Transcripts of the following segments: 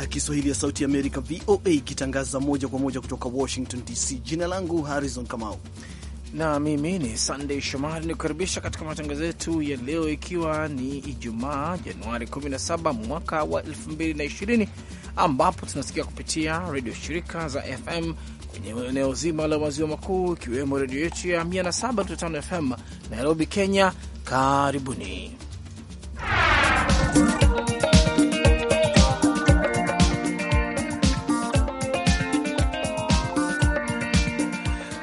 ya Kiswahili ya Sauti Amerika, VOA, ikitangaza moja kwa moja kutoka Washington DC. Jina langu Harrison Kamau na mimi ni sandey Shomari, nikukaribisha katika matangazo yetu ya leo, ikiwa ni Ijumaa Januari 17 mwaka wa 2020 ambapo tunasikia kupitia redio shirika za FM kwenye eneo zima la maziwa makuu ikiwemo redio yetu ya 107.5 FM Nairobi, Kenya. Karibuni.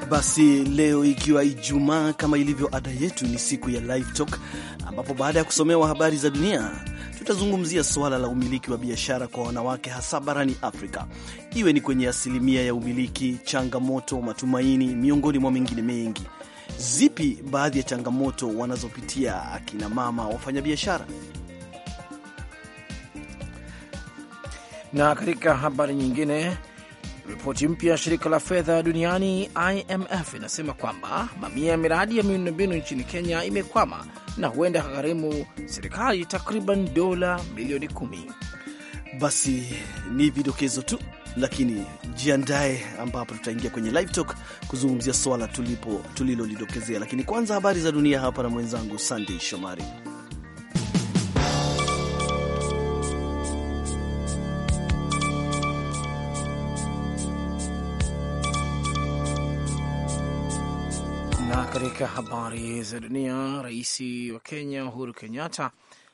Basi leo ikiwa Ijumaa, kama ilivyo ada yetu, ni siku ya Live Talk, ambapo baada ya kusomewa habari za dunia tutazungumzia suala la umiliki wa biashara kwa wanawake, hasa barani Afrika, iwe ni kwenye asilimia ya umiliki, changamoto, matumaini, miongoni mwa mengine mengi. Zipi baadhi ya changamoto wanazopitia akina mama wafanyabiashara? Na katika habari nyingine Ripoti mpya ya shirika la fedha duniani IMF inasema kwamba mamia ya miradi ya miundombinu nchini Kenya imekwama na huenda kagharimu serikali takriban dola milioni kumi. Basi ni vidokezo tu, lakini jiandae, ambapo tutaingia kwenye live talk kuzungumzia swala tulipo tulilolidokezea, lakini kwanza habari za dunia hapa na mwenzangu Sandey Shomari. Katika habari za dunia, rais wa Kenya Uhuru Kenyatta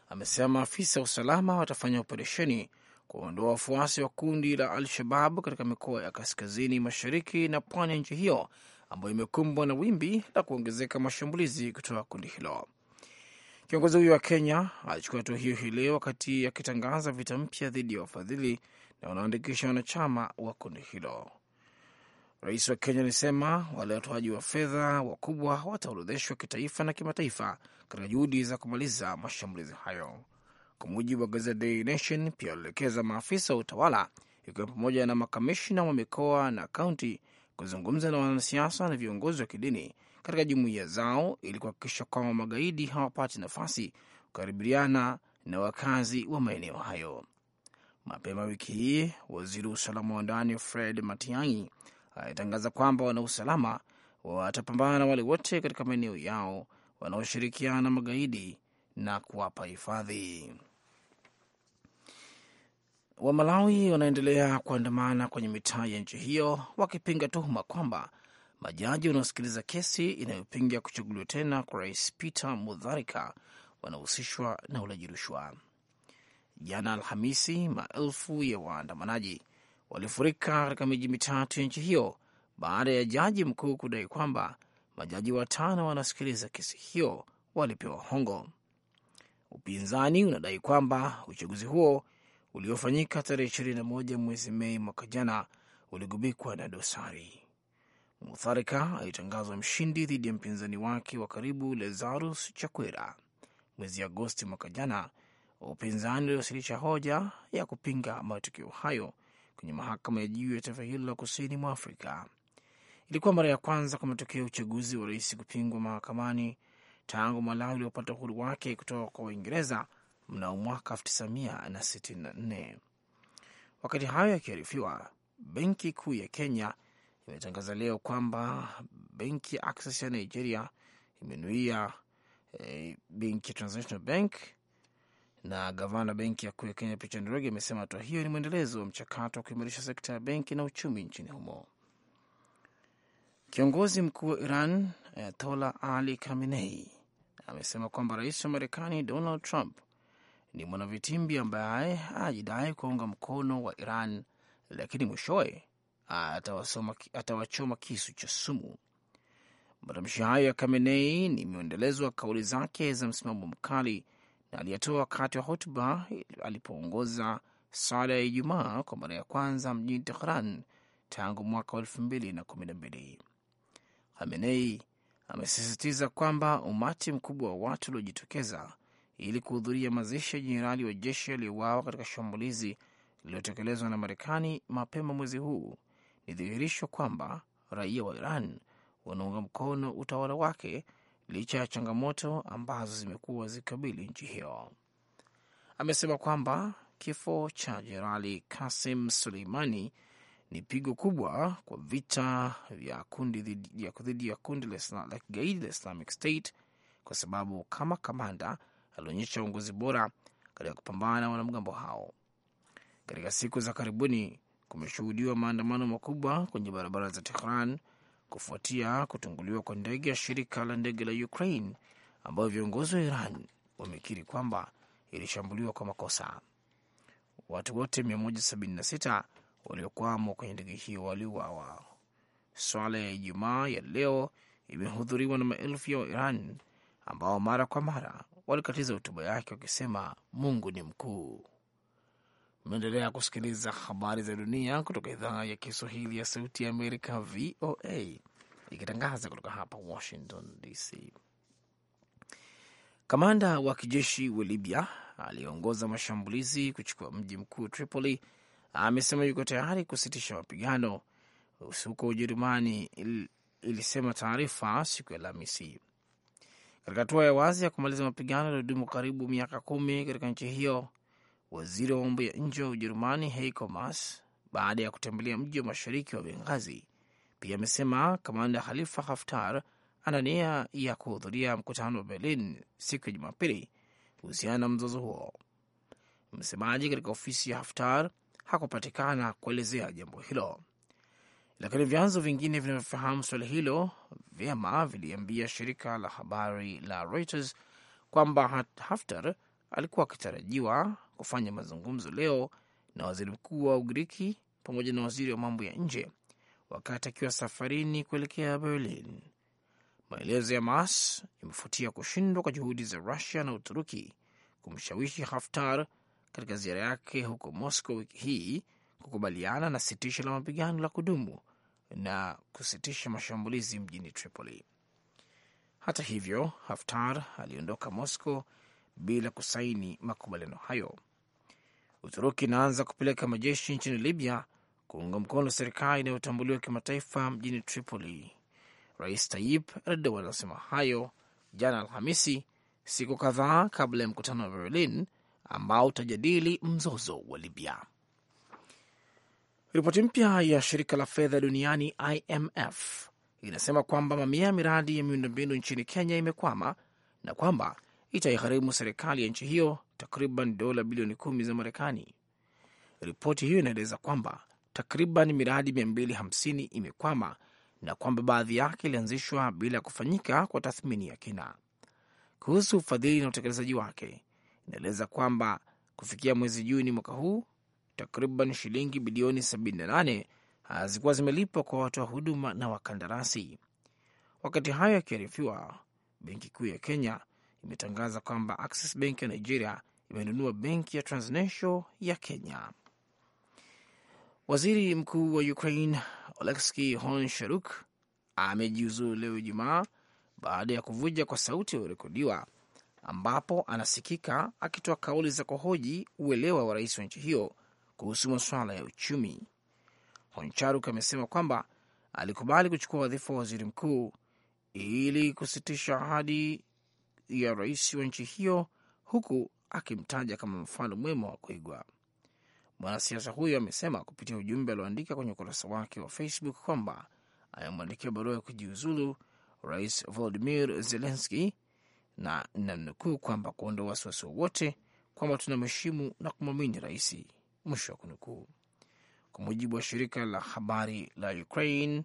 amesema afisa wa usalama watafanya operesheni kuondoa wafuasi wa kundi la Al-Shabab katika mikoa ya kaskazini mashariki na pwani ya nchi hiyo ambayo imekumbwa na wimbi la kuongezeka mashambulizi kutoka kundi hilo. Kiongozi huyo wa Kenya alichukua hatua hiyo hii leo wakati akitangaza vita mpya dhidi ya wafadhili na wanaoandikisha wanachama wa kundi hilo. Rais wa Kenya alisema wale watoaji wa fedha wakubwa wataorodheshwa kitaifa na kimataifa katika juhudi za kumaliza mashambulizi hayo. Kwa mujibu wa gazeti Daily Nation, pia walielekeza maafisa wa utawala, ikiwa pamoja na makamishna wa mikoa na kaunti, kuzungumza na wanasiasa na viongozi wa kidini katika jumuiya zao ili kuhakikisha kwamba magaidi hawapati nafasi kukaribiana na wakazi wa maeneo hayo. Mapema wiki hii, waziri wa usalama wa ndani Fred Matiang'i alitangaza kwamba wana usalama watapambana na wale wote katika maeneo yao wanaoshirikiana na magaidi na kuwapa hifadhi. Wamalawi wanaendelea kuandamana kwenye mitaa ya nchi hiyo wakipinga tuhuma kwamba majaji wanaosikiliza kesi inayopinga kuchaguliwa tena kwa rais Peter Mutharika wanahusishwa na ulaji rushwa. Jana Alhamisi, maelfu ya waandamanaji walifurika katika miji mitatu ya nchi hiyo baada ya jaji mkuu kudai kwamba majaji watano wanasikiliza kesi hiyo walipewa hongo. Upinzani unadai kwamba uchaguzi huo uliofanyika tarehe moja mwezi Mei mwaka jana uligubikwa na dosari. Mutharika alitangazwa mshindi dhidi ya mpinzani wake wa karibu Lazarus Chakwera mwezi Agosti mwaka jana. Upinzani uliwasilisha hoja ya kupinga matukio hayo kwenye mahakama ya juu ya taifa hilo la kusini mwa Afrika. Ilikuwa mara ya kwanza kwa matokeo ya uchaguzi wa rais kupingwa mahakamani tangu Malawi uliopata uhuru wake kutoka kwa Uingereza mnao mwaka 1964. Wakati hayo yakiarifiwa, benki kuu ya Kenya imetangaza leo kwamba benki ya Access ya Nigeria imenuia eh, benki ya Transnational Bank na gavana benki ya kuu ya Kenya Picha Ndoroge amesema hatua hiyo ni mwendelezo wa mchakato wa kuimarisha sekta ya benki na uchumi nchini humo. Kiongozi mkuu wa Iran Ayatola Ali Khamenei amesema kwamba rais wa Marekani Donald Trump ni mwanavitimbi ambaye ajidai kuaunga mkono wa Iran, lakini mwishowe atawachoma kisu cha sumu. Matamshi hayo ya Khamenei ni mwendelezo wa kauli zake za msimamo mkali na aliyatoa wakati wa hotuba alipoongoza sala ya Ijumaa kwa mara ya kwanza mjini Tehran tangu mwaka wa elfu mbili na kumi na mbili. amesisitiza kwamba umati mkubwa wa watu uliojitokeza ili kuhudhuria mazishi ya jenerali wa jeshi aliyowawa katika shambulizi lililotekelezwa na Marekani mapema mwezi huu ni dhihirisho kwamba raia wa Iran wanaunga mkono utawala wake licha ya changamoto ambazo zimekuwa zikabili nchi hiyo. Amesema kwamba kifo cha Jenerali Kasim Suleimani ni pigo kubwa kwa vita vya kundi dhidi ya kundi la kigaidi la Islamic State kwa sababu kama kamanda alionyesha uongozi bora katika kupambana na wanamgambo hao. Katika siku za karibuni kumeshuhudiwa maandamano makubwa kwenye barabara za Tehran kufuatia kutunguliwa kwa ndege ya shirika la ndege la Ukraine ambayo viongozi wa Iran wamekiri kwamba ilishambuliwa kwa makosa. Watu wote 176 waliokwamo kwenye ndege hiyo waliuawa. Swala ya Ijumaa ya leo imehudhuriwa na maelfu ya Wairan ambao mara kwa mara walikatiza hotuba yake wakisema Mungu ni mkuu. Mnaendelea kusikiliza habari za dunia kutoka idhaa ya Kiswahili ya Sauti ya Amerika, VOA, ikitangaza kutoka hapa Washington DC. Kamanda wa kijeshi wa Libya aliyeongoza mashambulizi kuchukua mji mkuu Tripoli amesema yuko tayari kusitisha mapigano huko Ujerumani, il, ilisema taarifa siku ya Alhamisi, katika hatua ya wazi ya kumaliza mapigano yaliyodumu karibu miaka kumi katika nchi hiyo waziri wa mambo ya nje wa Ujerumani Heiko Maas baada ya kutembelea mji wa mashariki wa Benghazi. Pia amesema kamanda Khalifa Haftar ana nia ya kuhudhuria mkutano wa Berlin siku ya Jumapili kuhusiana na mzozo huo. Msemaji katika ofisi ya Haftar hakupatikana kuelezea jambo hilo, lakini vyanzo vingine vinavyofahamu suala hilo vyema viliambia shirika la habari la Reuters kwamba Haftar alikuwa akitarajiwa kufanya mazungumzo leo na waziri mkuu wa Ugiriki pamoja na waziri wa mambo ya nje wakati akiwa safarini kuelekea Berlin. Maelezo ya Maas yamefuatia kushindwa kwa juhudi za Rusia na Uturuki kumshawishi Haftar katika ziara yake huko Moscow wiki hii kukubaliana na sitisho la mapigano la kudumu na kusitisha mashambulizi mjini Tripoli. Hata hivyo, Haftar aliondoka Moscow bila kusaini makubaliano hayo. Uturuki inaanza kupeleka majeshi nchini Libya kuunga mkono serikali inayotambuliwa kimataifa mjini Tripoli. Rais Tayyip Erdogan anasema hayo jana Alhamisi, siku kadhaa kabla ya mkutano wa Berlin ambao utajadili mzozo wa Libya. Ripoti mpya ya shirika la fedha duniani IMF inasema kwamba mamia ya miradi ya miundombinu nchini Kenya imekwama na kwamba itaigharimu serikali ya nchi hiyo takriban dola bilioni kumi za Marekani. Ripoti hiyo inaeleza kwamba takriban miradi 250 imekwama na kwamba baadhi yake ilianzishwa bila kufanyika kwa tathmini ya kina. Kuhusu ufadhili na utekelezaji wake, inaeleza kwamba kufikia mwezi Juni mwaka huu takriban shilingi bilioni 78 hazikuwa zimelipwa kwa watoa huduma na wakandarasi. Wakati hayo yakiarifiwa, benki kuu ya Kenya imetangaza kwamba Axis Bank ya Nigeria imenunua benki ya Transnational ya Kenya. Waziri mkuu wa Ukraine Oleksiy Honcharuk amejiuzulu leo Ijumaa baada ya kuvuja kwa sauti iliyorekodiwa ambapo anasikika akitoa kauli za kuhoji uelewa wa rais wa nchi hiyo kuhusu masuala ya uchumi. Honcharuk amesema kwamba alikubali kuchukua wadhifa wa waziri mkuu ili kusitisha ahadi ya rais wa nchi hiyo, huku akimtaja kama mfano mwema wa kuigwa. Mwanasiasa huyo amesema kupitia ujumbe alioandika kwenye ukurasa wake wa Facebook kwamba amemwandikia barua ya kujiuzulu Rais Volodimir Zelenski na namnukuu, kwamba kuondoa wasiwasi wowote kwamba tuna mheshimu na kumwamini rais, mwisho wa kunukuu. Kwa mujibu wa shirika la habari la Ukraine,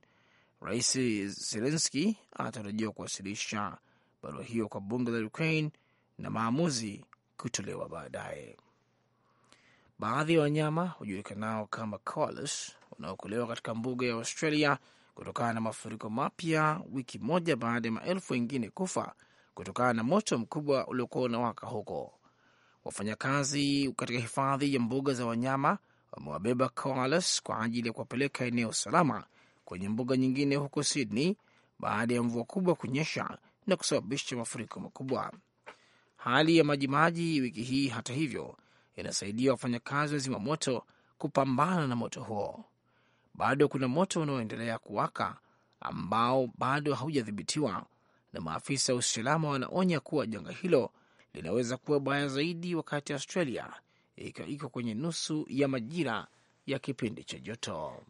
Rais Zelenski anatarajiwa kuwasilisha barua hiyo kwa bunge la Ukraine na maamuzi kutolewa baadaye. Baadhi ya wanyama hujulikanao kama koalas wanaokolewa katika mbuga ya Australia kutokana na mafuriko mapya, wiki moja baada ya maelfu wengine kufa kutokana na moto mkubwa uliokuwa unawaka huko. Wafanyakazi katika hifadhi ya mbuga za wanyama wamewabeba koalas kwa ajili ya kuwapeleka eneo salama kwenye mbuga nyingine huko Sydney baada ya mvua kubwa kunyesha na kusababisha mafuriko makubwa. Hali ya majimaji wiki hii, hata hivyo, inasaidia wafanyakazi wa zimamoto kupambana na moto huo. Bado kuna moto unaoendelea kuwaka ambao bado haujadhibitiwa, na maafisa wa usalama wanaonya kuwa janga hilo linaweza kuwa baya zaidi wakati Australia ikiwa iko kwenye nusu ya majira ya kipindi cha joto.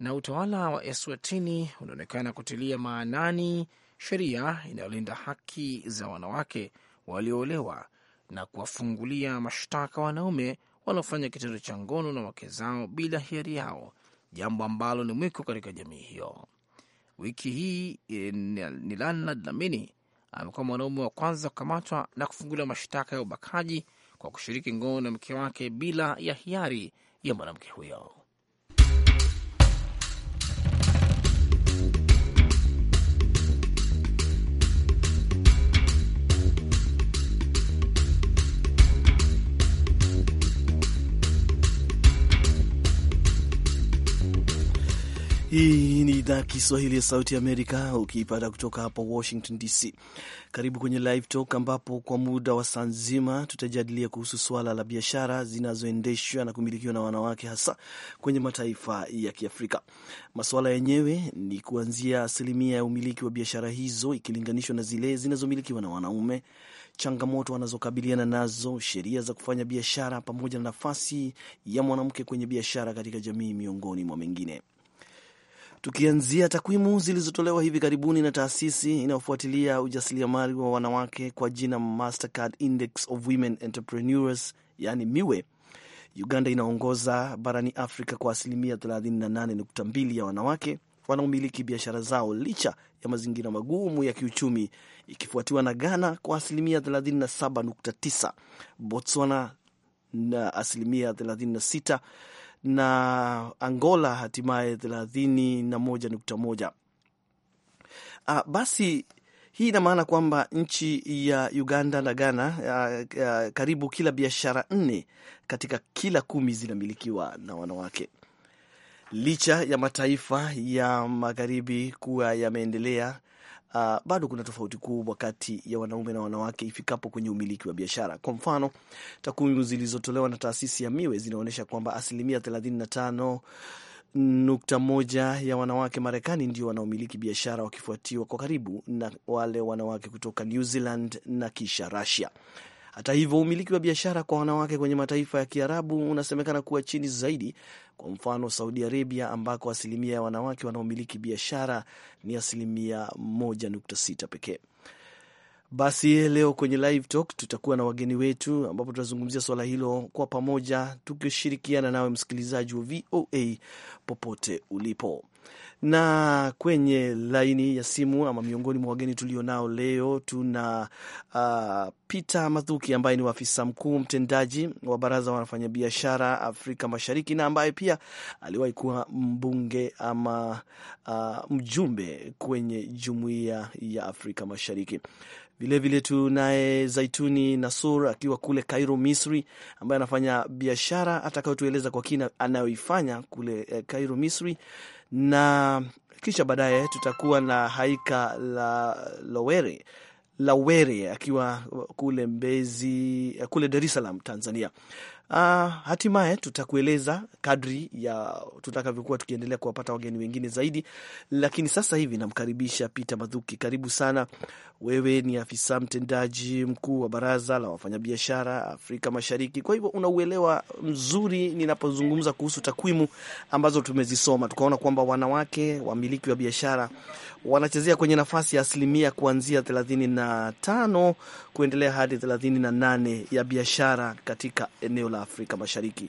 Na utawala wa Eswatini unaonekana kutilia maanani sheria inayolinda haki za wanawake walioolewa na kuwafungulia mashtaka wanaume wanaofanya kitendo cha ngono na wake zao bila hiari yao, jambo ambalo ni mwiko katika jamii hiyo. Wiki hii e, Nilanna Dlamini amekuwa mwanaume wa kwanza kukamatwa na kufungulia mashtaka ya ubakaji kwa kushiriki ngono na mke wake bila ya hiari ya mwanamke huyo. Hii ni idhaa ya Kiswahili ya Sauti Amerika ukiipata kutoka hapa Washington DC. Karibu kwenye Live Talk ambapo kwa muda wa saa nzima tutajadilia kuhusu suala la biashara zinazoendeshwa na kumilikiwa na wanawake, hasa kwenye mataifa ya Kiafrika. Masuala yenyewe ni kuanzia asilimia ya umiliki wa biashara hizo ikilinganishwa na zile zinazomilikiwa na wanaume, changamoto wanazokabiliana nazo, sheria za kufanya biashara, pamoja na nafasi ya mwanamke kwenye biashara katika jamii, miongoni mwa mengine. Tukianzia takwimu zilizotolewa hivi karibuni na taasisi inayofuatilia ujasiriamali wa wanawake kwa jina Mastercard Index of Women Entrepreneurs, yani MIWE, Uganda inaongoza barani Afrika kwa asilimia 38.2 ya wanawake wanaomiliki biashara zao licha ya mazingira magumu ya kiuchumi, ikifuatiwa na Ghana kwa asilimia 37.9, Botswana na asilimia 36 na Angola hatimaye 31.1. Ah, basi hii ina maana kwamba nchi ya Uganda na Ghana ya, ah, ya, ah, karibu kila biashara nne katika kila kumi zinamilikiwa na wanawake. Licha ya mataifa ya magharibi kuwa yameendelea uh, bado kuna tofauti kubwa kati ya wanaume na wanawake ifikapo kwenye umiliki wa biashara. Kwa mfano, takwimu zilizotolewa na taasisi ya Miwe zinaonyesha kwamba asilimia 35 nukta moja ya wanawake Marekani ndio wanaomiliki biashara wakifuatiwa kwa karibu na wale wanawake kutoka New Zealand na kisha Russia. Hata hivyo, umiliki wa biashara kwa wanawake kwenye mataifa ya Kiarabu unasemekana kuwa chini zaidi kwa mfano, Saudi Arabia ambako asilimia ya wanawake wanaomiliki biashara ni asilimia 1.6 pekee. Basi leo kwenye Live Talk tutakuwa na wageni wetu, ambapo tutazungumzia swala hilo kwa pamoja, tukishirikiana nawe msikilizaji wa VOA popote ulipo na kwenye laini ya simu ama miongoni mwa wageni tulio nao leo tuna uh, Peter Mathuki ambaye ni afisa mkuu mtendaji wa baraza biashara Afrika Mashariki na ambaye pia aliwahi kuwa mbunge ama uh, mjumbe kwenye jumuiya ya Afrika Mashariki. Vilevile tunaye Zaituni Nasur akiwa kule Kairo, Misri, ambaye anafanya biashara atakayotueleza kwa kina anayoifanya kule Kairo, eh, Misri na kisha baadaye tutakuwa na Haika la Lowere Lawere akiwa kule Mbezi, kule Dar es Salaam, Tanzania. Uh, hatimaye tutakueleza kadri ya tutakavyokuwa tukiendelea kuwapata wageni wengine zaidi, lakini sasa hivi namkaribisha Peter madhuki Karibu sana. Wewe ni afisa mtendaji mkuu wa Baraza la Wafanyabiashara Afrika Mashariki, kwa hivyo unauelewa mzuri ninapozungumza kuhusu takwimu ambazo tumezisoma, tukaona kwamba wanawake wamiliki wa biashara wanachezea kwenye nafasi ya asilimia kuanzia thelathini na tano kuendelea hadi 38 ya biashara katika eneo la Afrika Mashariki.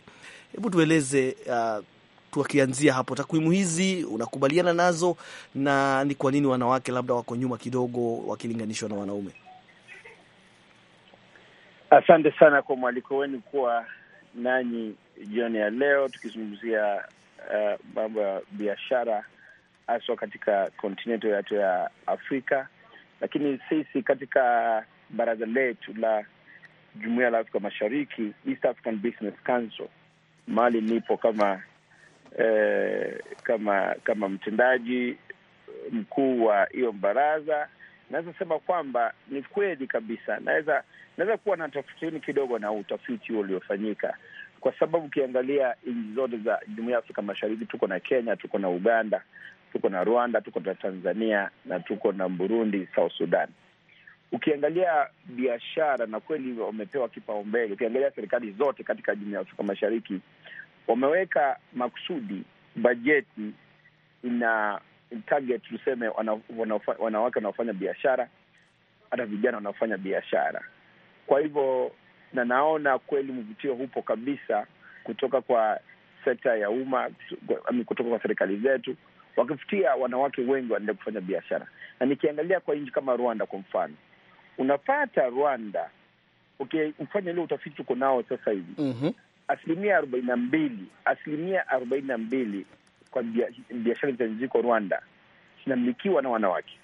Hebu tueleze uh, tukianzia hapo, takwimu hizi unakubaliana nazo, na ni kwa nini wanawake labda wako nyuma kidogo wakilinganishwa na wanaume? Asante sana kwa mwaliko wenu kuwa nanyi jioni ya leo tukizungumzia uh, mambo ya biashara haswa katika kontinento yetu ya Afrika, lakini sisi katika baraza letu la jumuia la Afrika Mashariki, East African Business Council, mahali nipo kama eh, kama kama mtendaji mkuu wa hiyo baraza, naweza sema kwamba ni kweli kabisa, naweza naweza kuwa na tafutini kidogo na utafiti huo uliofanyika, kwa sababu ukiangalia nchi zote za jumuiya ya Afrika Mashariki, tuko na Kenya, tuko na Uganda, tuko na Rwanda, tuko na Tanzania na tuko na Burundi, South Sudan. Ukiangalia biashara na kweli wamepewa kipaumbele. Ukiangalia serikali zote katika jumuiya ya Afrika Mashariki wameweka makusudi, bajeti na target, tuseme wanawake wanaofanya biashara, hata vijana wanaofanya biashara. Kwa hivyo, na naona kweli mvutio hupo kabisa kutoka kwa sekta ya umma, kutoka kwa serikali zetu, wakivutia wanawake wengi waendelee kufanya biashara. Na nikiangalia kwa nchi kama Rwanda kwa mfano unapata Rwanda okay, okay, ule utafiti uko nao sasa hivi mm -hmm. asilimia arobaini na mbili asilimia arobaini na mbili kwa biashara ziko Rwanda zinamilikiwa na wanawake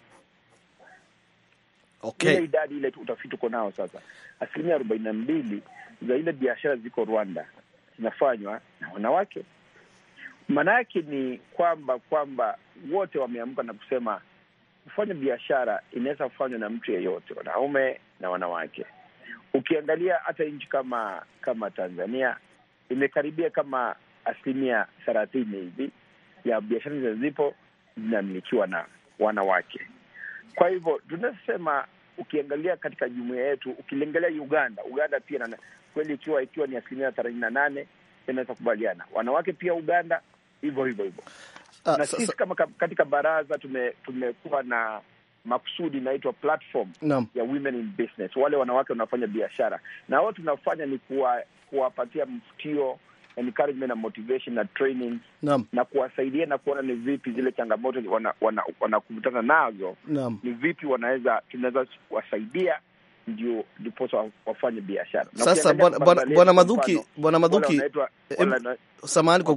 okay. Ile idadi ile utafiti uko nao sasa, asilimia arobaini na mbili za ile biashara ziko Rwanda zinafanywa na wanawake. Maana yake ni kwamba kwamba wote wameamka na kusema kufanya biashara inaweza kufanywa na mtu yeyote, wanaume na wanawake. Ukiangalia hata nchi kama kama Tanzania imekaribia kama asilimia thelathini hivi ya biashara zipo zinamilikiwa na wanawake. Kwa hivyo tunasema, ukiangalia katika jumuia yetu, ukilengelea Uganda, Uganda pia na kweli, ikiwa ikiwa ni asilimia thelathini na nane inaweza kubaliana wanawake pia Uganda hivyo hivyo hivyo. Ah, na sisi kama katika baraza tume, tumekuwa na makusudi inaitwa platform no. ya women in business, wale wanawake wanafanya biashara, na wao tunafanya ni kuwapatia kuwa mfutio encouragement na motivation na training Naam. na kuwasaidia na kuona ni vipi zile changamoto wanakutana wana, wana nazo Naam. ni vipi wanaweza tunaweza kuwasaidia ndio ndiposa wafanye biashara. Sasa bwana Madhuki, bwana Madhuki, samahani kwa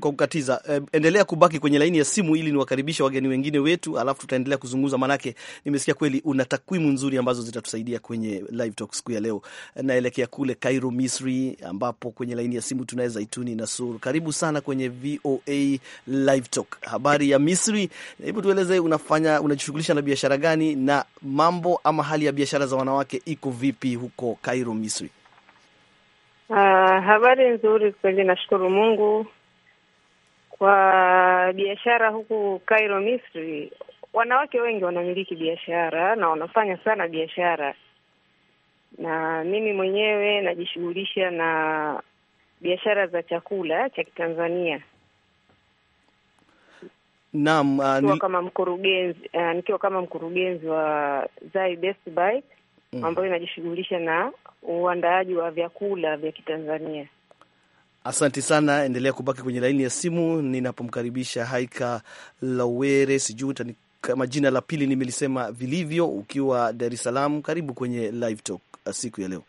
kukatiza, endelea kubaki kwenye laini ya simu ili niwakaribisha wageni wengine wetu, alafu tutaendelea kuzungumza, maanake nimesikia kweli una takwimu nzuri ambazo zitatusaidia kwenye live talk siku ya leo. Naelekea kule Cairo, Misri, ambapo kwenye laini ya simu tunaye Zaituni Nasur. Karibu sana kwenye VOA live talk. Habari ya Misri, hebu tueleze unafanya unajishughulisha na biashara gani na mambo ama hali ya biashara za wanawake yake iko vipi huko Cairo, Misri? Uh, habari nzuri kweli, nashukuru Mungu. Kwa biashara huku Cairo, Misri, wanawake wengi wanamiliki biashara na wanafanya sana biashara, na mimi mwenyewe najishughulisha na biashara za chakula cha Kitanzania. Naam, uh, kama mkurugenzi uh, nikiwa kama mkurugenzi wa Zai Best Bite mm, ambayo inajishughulisha na uandaaji wa vyakula vya Kitanzania. Asante sana, endelea kubaki kwenye laini ya simu ninapomkaribisha Haika Lawere, sijui kama jina la pili nimelisema vilivyo, ukiwa Dar es Salaam. Karibu kwenye Live Talk uh, siku ya leo.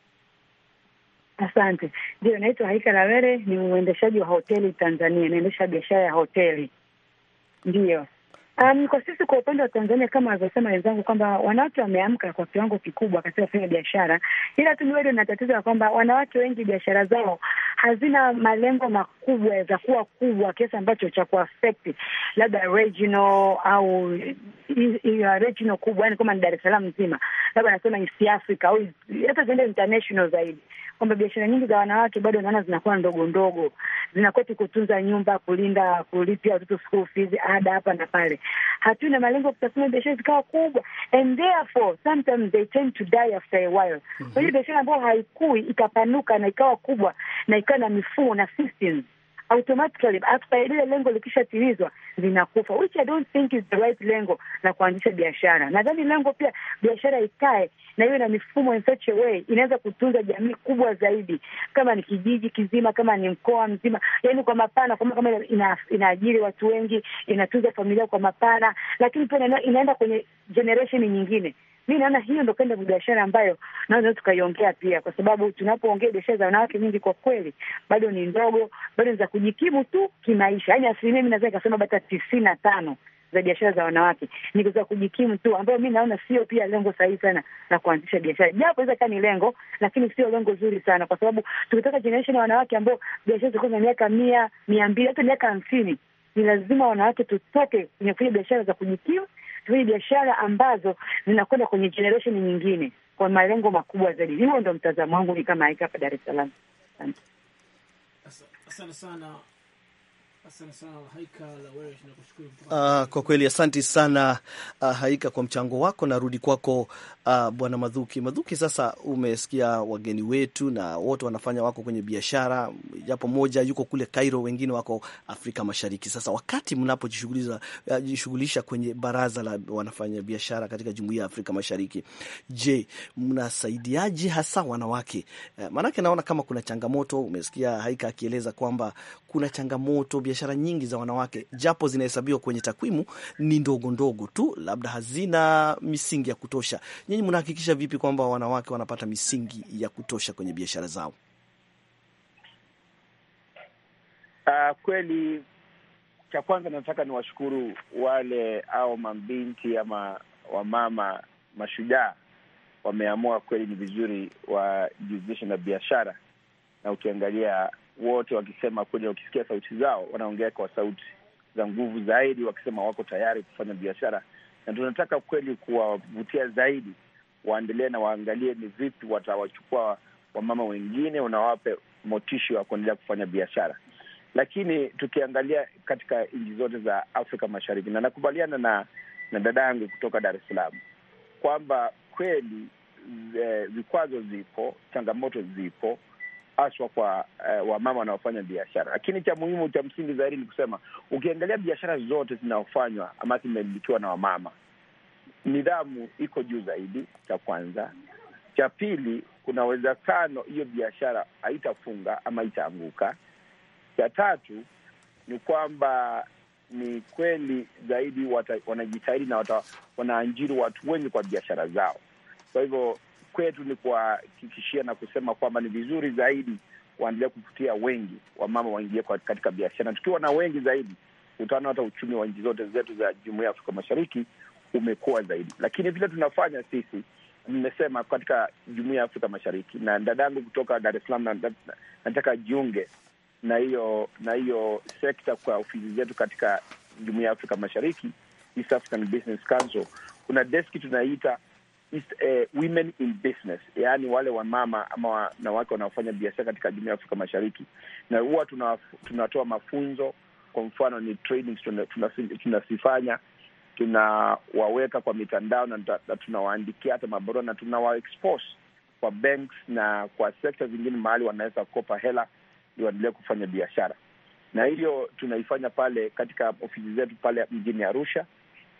Asante. Ndio, naitwa Haika Lawere, ni mwendeshaji wa hoteli Tanzania, naendesha biashara ya hoteli. Ndiyo, Um, kwa sisi kwa upande wa Tanzania kama alivyosema wenzangu kwamba wanawake wameamka kwa kiwango kikubwa katika kufanya biashara, ila tu niwede na tatizo ya kwamba wanawake wengi biashara zao hazina malengo makubwa za kuwa kubwa kiasi ambacho cha kuaffect labda regional au regional kubwa, yani kama ni Dar es Salaam nzima, labda anasema East Africa au hata ziende international zaidi, kwamba biashara nyingi za wanawake bado naona zinakuwa ndogo ndogo, zinakuwa tu kutunza nyumba, kulinda, kulipia watoto school fees, ada hapa na pale. Hatuna malengo kutafuna biashara zikawa kubwa, and therefore sometimes they tend to die after a while. Kwa hiyo mhm. biashara ambayo haikui ikapanuka na ikawa kubwa na ikawa kutokana na mifumo na systems automatically after ile lengo likishatimizwa linakufa, which I don't think is the right lengo la kuanzisha biashara. Nadhani lengo pia biashara ikae na iwe na mifumo in such a way inaweza kutunza jamii kubwa zaidi, kama ni kijiji kizima, kama ni mkoa mzima, yani kwa mapana, kama kama ina, watu wengi, inatunza familia kwa mapana, lakini pia inaenda kwenye generation nyingine mi naona hiyo ndo kenda biashara ambayo naweza tukaiongea pia, kwa sababu tunapoongea biashara za wanawake nyingi kwa kweli bado ni ndogo, bado ni za kujikimu tu kimaisha. Yaani asilimia mi naweza ikasema hata tisini na tano za biashara za wanawake ni za kujikimu tu, ambayo mi naona sio pia lengo sahihi sana la kuanzisha biashara, japo inaweza kaa ni lengo, lakini sio lengo zuri sana, kwa sababu tukitaka generation ya wanawake ambao biashara zikuwa na miaka mia mia mbili hata miaka hamsini, ni lazima wanawake tutoke kwenye kufanya biashara za kujikimu siku biashara ambazo zinakwenda kwenye generation nyingine kwa malengo makubwa zaidi. Hiyo ndo mtazamo wangu ni kama aika hapa Dar es Salaam. Asante sana uh, kwa kweli asanti sana uh, Haika kwa mchango wako. Narudi kwako uh, bwana Madhuki. Madhuki, sasa umesikia wageni wetu na wote wanafanya wako kwenye biashara, japo moja yuko kule Cairo, wengine wako Afrika Mashariki. Sasa wakati mnapojishughulisha uh, kwenye baraza la wanafanya biashara katika jumuiya ya Afrika Mashariki, je, mnasaidiaje hasa wanawake? Uh, maanake naona kama kuna changamoto. Umesikia Haika akieleza kwamba kuna changamoto biashara nyingi za wanawake, japo zinahesabiwa kwenye takwimu, ni ndogo ndogo tu, labda hazina misingi ya kutosha. Nyinyi mnahakikisha vipi kwamba wanawake wanapata misingi ya kutosha kwenye biashara zao? Uh, kweli cha kwanza nataka niwashukuru wale au mabinti ama wamama mashujaa wameamua kweli ni vizuri wajihusishe na biashara, na ukiangalia wote wakisema kweli, wakisikia sauti zao wanaongea kwa sauti za nguvu zaidi, wakisema wako tayari kufanya biashara, na tunataka kweli kuwavutia zaidi waendelee na waangalie ni vipi watawachukua wamama wengine, unawape motishi wa kuendelea kufanya biashara. Lakini tukiangalia katika nchi zote za Afrika Mashariki, na nakubaliana na na dada yangu kutoka Dar es Salaam kwamba kweli eh, vikwazo zipo, changamoto zipo, haswa kwa eh, wamama wanaofanya biashara. Lakini cha muhimu cha msingi zaidi ni kusema, ukiangalia biashara zote zinaofanywa ama zimemilikiwa na wamama, nidhamu iko juu zaidi, cha kwanza. Cha pili, kuna uwezekano hiyo biashara haitafunga ama itaanguka. Cha tatu ni kwamba ni kweli zaidi wanajitahidi na wanaanjiri watu wengi kwa biashara zao. Kwa hivyo kwetu ni kuhakikishia na kusema kwamba ni vizuri zaidi waendelea kuvutia wengi wamama waingie katika biashara. Tukiwa na wengi zaidi, utaona hata uchumi wa nchi zote zetu za jumuiya ya Afrika Mashariki umekuwa zaidi. Lakini vile tunafanya sisi, nimesema katika jumuiya ya Afrika Mashariki, na dadangu kutoka Dar es Salaam nataka na jiunge na hiyo na hiyo sekta kwa ofisi zetu katika jumuiya ya Afrika Mashariki, East African Business Council. Kuna deski tunaita uh, women in business, yaani wale wamama ama wanawake wanaofanya biashara katika jumuiya ya Afrika Mashariki, na huwa tunatoa tuna mafunzo. Kwa mfano ni trainings tuna tunawaweka kwa mitandao na, na tunawaandikia hata mabarua na expose kwa banks na kwa sekta zingine mahali wanaweza kukopa hela ili waendelee kufanya biashara, na hiyo tunaifanya pale katika ofisi zetu pale mjini Arusha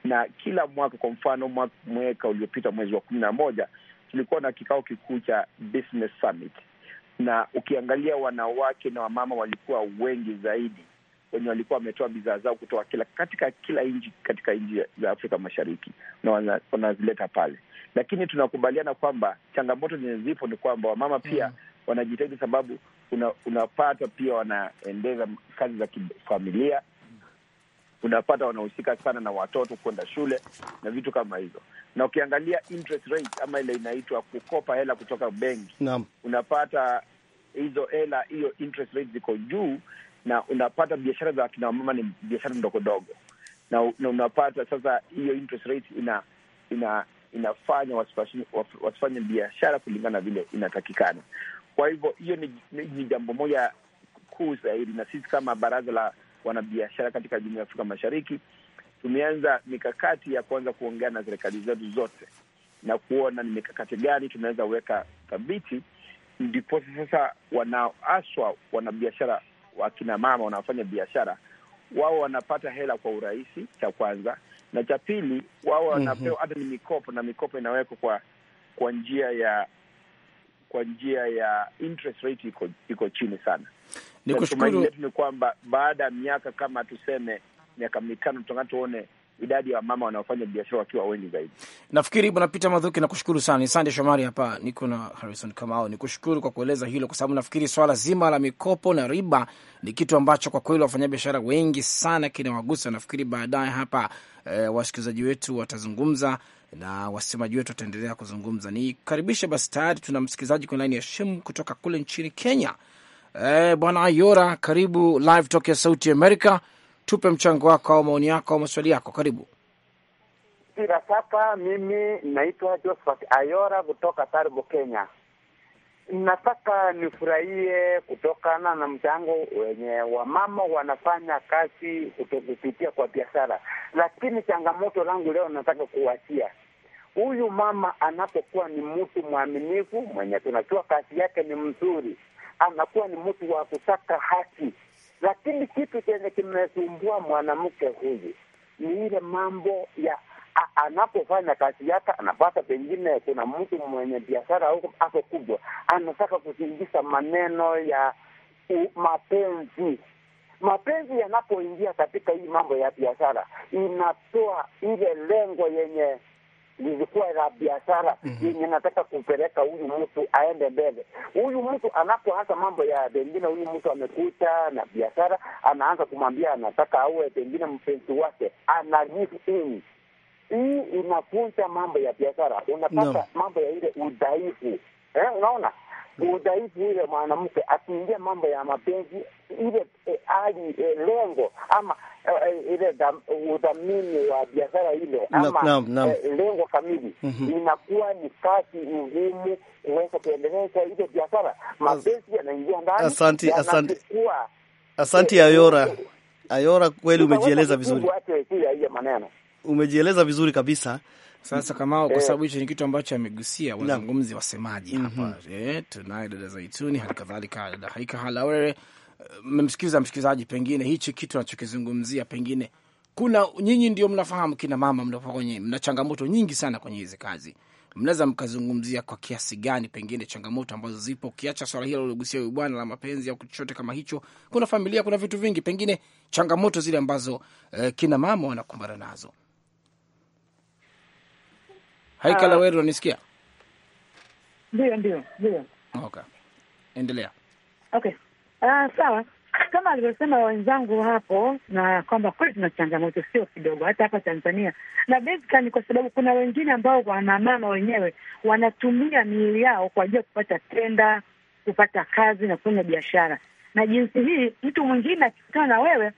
na kila mwaka, kwa mfano mwaka uliopita mwezi wa kumi na moja tulikuwa na kikao kikuu cha Business Summit, na ukiangalia wanawake na wamama walikuwa wengi zaidi wenye walikuwa wametoa bidhaa zao kutoka kila katika kila nchi katika nchi za Afrika Mashariki na wanazileta pale, lakini tunakubaliana kwamba changamoto zenye zipo ni kwamba wamama pia mm, wanajitahidi sababu una, pia wanaendeza kazi za kifamilia unapata wanahusika sana na watoto kwenda shule na vitu kama hivyo. Na ukiangalia interest rate ama ile inaitwa kukopa hela kutoka benki, unapata hizo hela, hiyo interest rate ziko juu, na unapata biashara za kina mama ni biashara ndogo na, na unapata sasa hiyo interest rate ina, ina inafanya wasifanye biashara kulingana vile inatakikana. Kwa hivyo hiyo ni, ni, ni jambo moja kuu zaidi, na sisi kama baraza la wanabiashara katika jumuiya ya Afrika Mashariki, tumeanza mikakati ya kuanza kuongea na serikali zetu zote na kuona ni mikakati gani tunaweza weka thabiti, ndipo sasa wanaaswa wanabiashara wakina mama wanaofanya biashara wao wanapata hela kwa urahisi, cha kwanza, na cha pili wao mhm. wanapewa hata ni mikopo, na mikopo inawekwa kwa kwa njia ya kwa njia ya interest rate iko iko chini sana. Tumaini letu ni kwamba baada ya miaka kama tuseme miaka mitano tutakaa tuone idadi ya wamama wanaofanya biashara wakiwa wengi zaidi. Nafikiri Bwana Peter Madhuki, nakushukuru sana. Ni Sande Shomari hapa, niko na Harrison Kamau. kushukuru kwa kueleza hilo, kwa sababu nafikiri swala zima la mikopo na riba ni kitu ambacho kwa kweli wafanyabiashara wengi sana kinawagusa. Nafikiri baadaye hapa e, wasikilizaji wetu watazungumza na wasemaji wetu wataendelea kuzungumza. Nikaribishe basi, tayari tuna msikilizaji kwenye laini ya simu kutoka kule nchini Kenya. Eh, Bwana Ayora, karibu Live Talk ya Sauti Amerika. Tupe mchango wako au maoni yako au maswali yako, karibu. Bila shaka, mimi naitwa Josephat Ayora kutoka Taribo, Kenya. Nataka nifurahie kutokana na mchango wenye wamama wanafanya kazi kupitia kwa biashara, lakini changamoto langu leo nataka kuwachia huyu mama anapokuwa ni mtu mwaminifu mwenye tunajua kazi yake ni mzuri anakuwa ni mtu wa kutaka haki, lakini kitu chenye kimesumbua mwanamke huyu ni ile mambo ya anapofanya kazi yake anapata, pengine kuna mtu mwenye biashara au ako kubwa, anataka kuzingiza maneno ya mapenzi. Mapenzi yanapoingia katika hii mambo ya biashara, inatoa ile lengo yenye lilikuwa la biashara mhm. yenye nataka kupeleka huyu mtu aende mbele. Huyu mtu anapoanza mambo ya pengine, huyu mtu amekuta na biashara, anaanza kumwambia anataka awe pengine mpenzi wake, ana give in. Hii inafunza mambo ya biashara, unapata no. mambo ya ile udhaifu eh, unaona udhaifu ule mwanamke akiingia mambo ya mapenzi, ile eh, hali eh, lengo ama eh, ile udhamini wa biashara ile ama lengo kamili, mhm. inakuwa ni kazi ngumu kuweza kuendeleza ile biashara. Mapenzi yanaingia ndani, asante asante asante, Ayora Ayora, kweli umejieleza vizuri umejieleza vizuri kabisa. Sasa kama kwa eh. sababu hicho ni kitu ambacho amegusia wazungumzi wasemaji mm -hmm. Eh, tunaye dada Zaituni, hali kadhalika dada Haika Halawewe. Eh, mmemsikiliza msikilizaji, pengine hichi kitu anachokizungumzia pengine kuna nyinyi ndio mnafahamu, kina mama mnapo kwenye mna changamoto nyingi sana kwenye hizi kazi, mnaweza mkazungumzia kwa kiasi gani pengine changamoto ambazo zipo, ukiacha swala hilo lilogusia huyu bwana la mapenzi au chochote kama hicho, kuna familia, kuna vitu vingi, pengine changamoto zile ambazo eh, kina mama wanakumbana nazo Haikala Weru, unanisikia? Ndio, ndio, ndio. Okay, endelea. Okay, uh, sawa kama alivyosema wenzangu hapo, na kwamba kweli tuna changamoto sio kidogo, hata hapa Tanzania, na basically kwa sababu kuna wengine ambao wanamama wenyewe wanatumia miili yao kwa ajili ya kupata tenda, kupata kazi na kufanya biashara. Na jinsi hii, mtu mwingine akikutana na wewe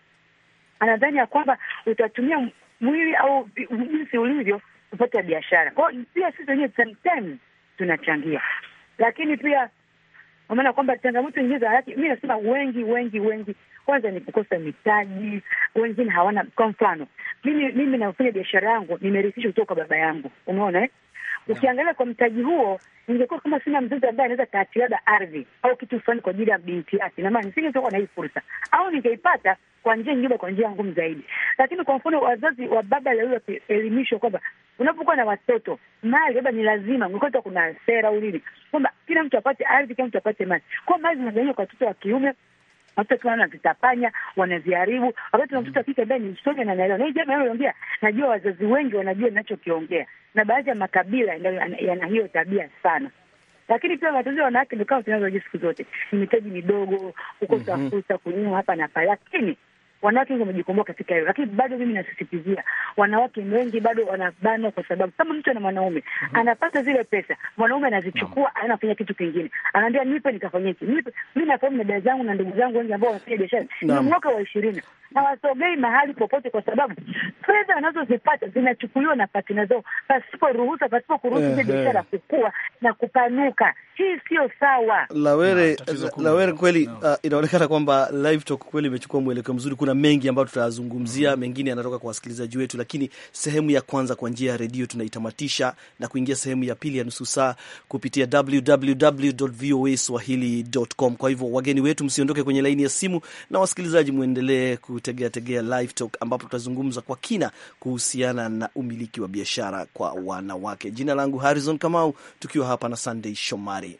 anadhani ya kwamba utatumia mwili au jinsi ulivyo kupata biashara kwao. Pia sisi wenyewe sometimes tunachangia, lakini pia maana kwamba changamoto nyingine za haki, mi nasema wengi wengi wengi, kwanza ni kukosa mitaji, wengine hawana. Kwa mfano mimi, mimi nafanya biashara yangu nimerithisha kutoka kwa baba yangu, umeona eh? Ukiangalia kwa mtaji huo, ningekuwa kama sina mzazi ambaye anaweza kaachi labda ardhi au kitu fulani kwa ajili ya binti yake, na maana na hii fursa, au ningeipata kwa njia nyingine, kwa njia ngumu zaidi. Lakini kwa mfano, wazazi wa baba leo wakielimishwa kwamba unapokuwa na watoto mali labda ni lazima ngoja, kuna sera au nini kwamba kila mtu apate ardhi, kila mtu apate mali, kwa mali zinagawanywa kwa watoto wa kiume watoto wanazitapanya, wanaziharibu, wakati mm. na mtoto wa ambaye ni msomi na Na hii jambo naloongea, najua wazazi wengi wanajua ninachokiongea, na baadhi ya makabila yana hiyo tabia sana lakini pia matatizo ya wanawake ndio kama tunazoji siku zote, ni mitaji midogo, kukosa mhm. fursa, kunyuma hapa na pale, lakini wanawake wengi wamejikomboa katika hiyo, lakini bado mimi nasisitizia, wanawake wengi bado wanabanwa, kwa sababu kama mtu ana mwanaume mm -hmm. anapata zile pesa, mwanaume anazichukua, mhm. anafanya kitu kingine, anaambia nipe, nikafanya hiki, nipe. Mi nafahamu na dada zangu na ndugu zangu wengi ambao wanafanya biashara ni mwaka wa ishirini hawasogei mahali popote, kwa sababu fedha wanazozipata zinachukuliwa na patina zao pasipo ruhusa, pasipo kuruhusu ile biashara kukua na kupanuka. Hii sio sawa. Lawere, No, Lawere, kweli no. Uh, inaonekana kwamba live talk kweli imechukua mwelekeo mzuri. Kuna mengi ambayo tutayazungumzia, mm Mengine yanatoka kwa wasikilizaji wetu, lakini sehemu ya kwanza kwa njia ya redio tunaitamatisha na kuingia sehemu ya pili ya nusu saa kupitia www.voaswahili.com. Kwa hivyo wageni wetu, msiondoke kwenye laini ya simu, na wasikilizaji mwendelee kutegeategea Live Talk ambapo tutazungumza kwa kina kuhusiana na umiliki wa biashara kwa wanawake. Jina langu Harrison Kamau, tukiwa hapa na Sunday Shomari.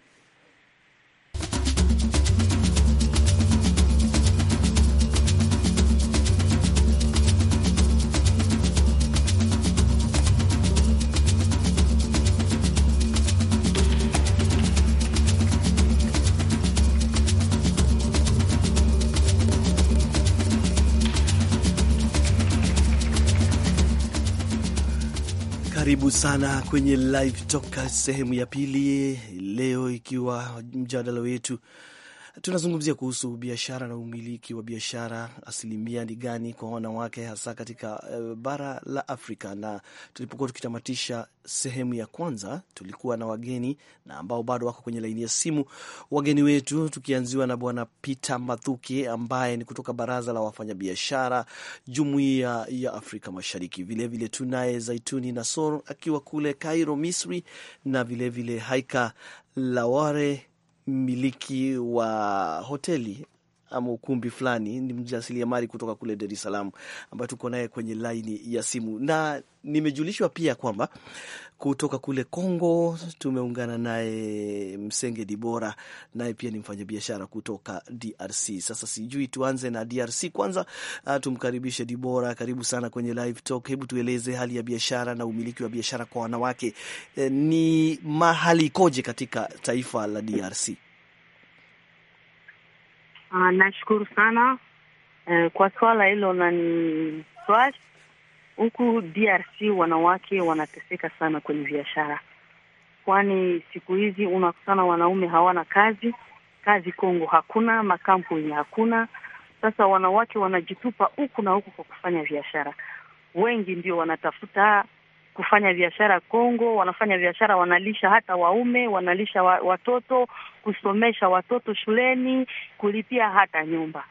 Karibu sana kwenye live toka sehemu ya pili leo, ikiwa mjadala wetu tunazungumzia kuhusu biashara na umiliki wa biashara, asilimia ni gani kwa wanawake hasa katika uh, bara la Afrika. Na tulipokuwa tukitamatisha sehemu ya kwanza, tulikuwa na wageni na ambao bado wako kwenye laini ya simu, wageni wetu, tukianziwa na Bwana Peter Mathuki ambaye ni kutoka Baraza la Wafanyabiashara Jumuiya ya Afrika Mashariki. Vilevile tunaye Zaituni Nasor akiwa kule Kairo, Misri, na vilevile vile Haika Laware mmiliki wa hoteli ama ukumbi fulani, ni mjasiriamali kutoka kule Dar es Salaam ambaye tuko naye kwenye laini ya simu, na nimejulishwa pia kwamba kutoka kule Kongo tumeungana naye Msenge Dibora, naye pia ni mfanyabiashara kutoka DRC. Sasa sijui tuanze na DRC kwanza. Ah, tumkaribishe Dibora, karibu sana kwenye Live Talk. Hebu tueleze hali ya biashara na umiliki wa biashara kwa wanawake, e, ni mahali ikoje katika taifa la DRC? Ah, nashukuru sana uh, kwa swala hilo nani Huku DRC wanawake wanateseka sana kwenye biashara, kwani siku hizi unakutana wanaume hawana kazi, kazi Kongo hakuna, makampuni hakuna. Sasa wanawake wanajitupa huku na huku kwa kufanya biashara, wengi ndio wanatafuta kufanya biashara Kongo, wanafanya biashara, wanalisha hata waume, wanalisha wa, watoto, kusomesha watoto shuleni, kulipia hata nyumba.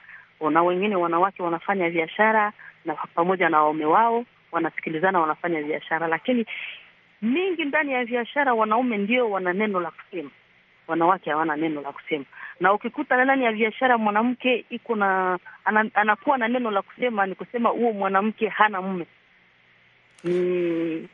Na wengine wanawake wanafanya biashara na pamoja na waume wao, wanasikilizana, wanafanya biashara, lakini mingi ndani ya biashara wanaume ndio wana neno la kusema, wanawake hawana neno la kusema. Na ukikuta ndani ya biashara mwanamke iko na ana, anakuwa na neno la kusema, ni kusema huo mwanamke hana mume Mm.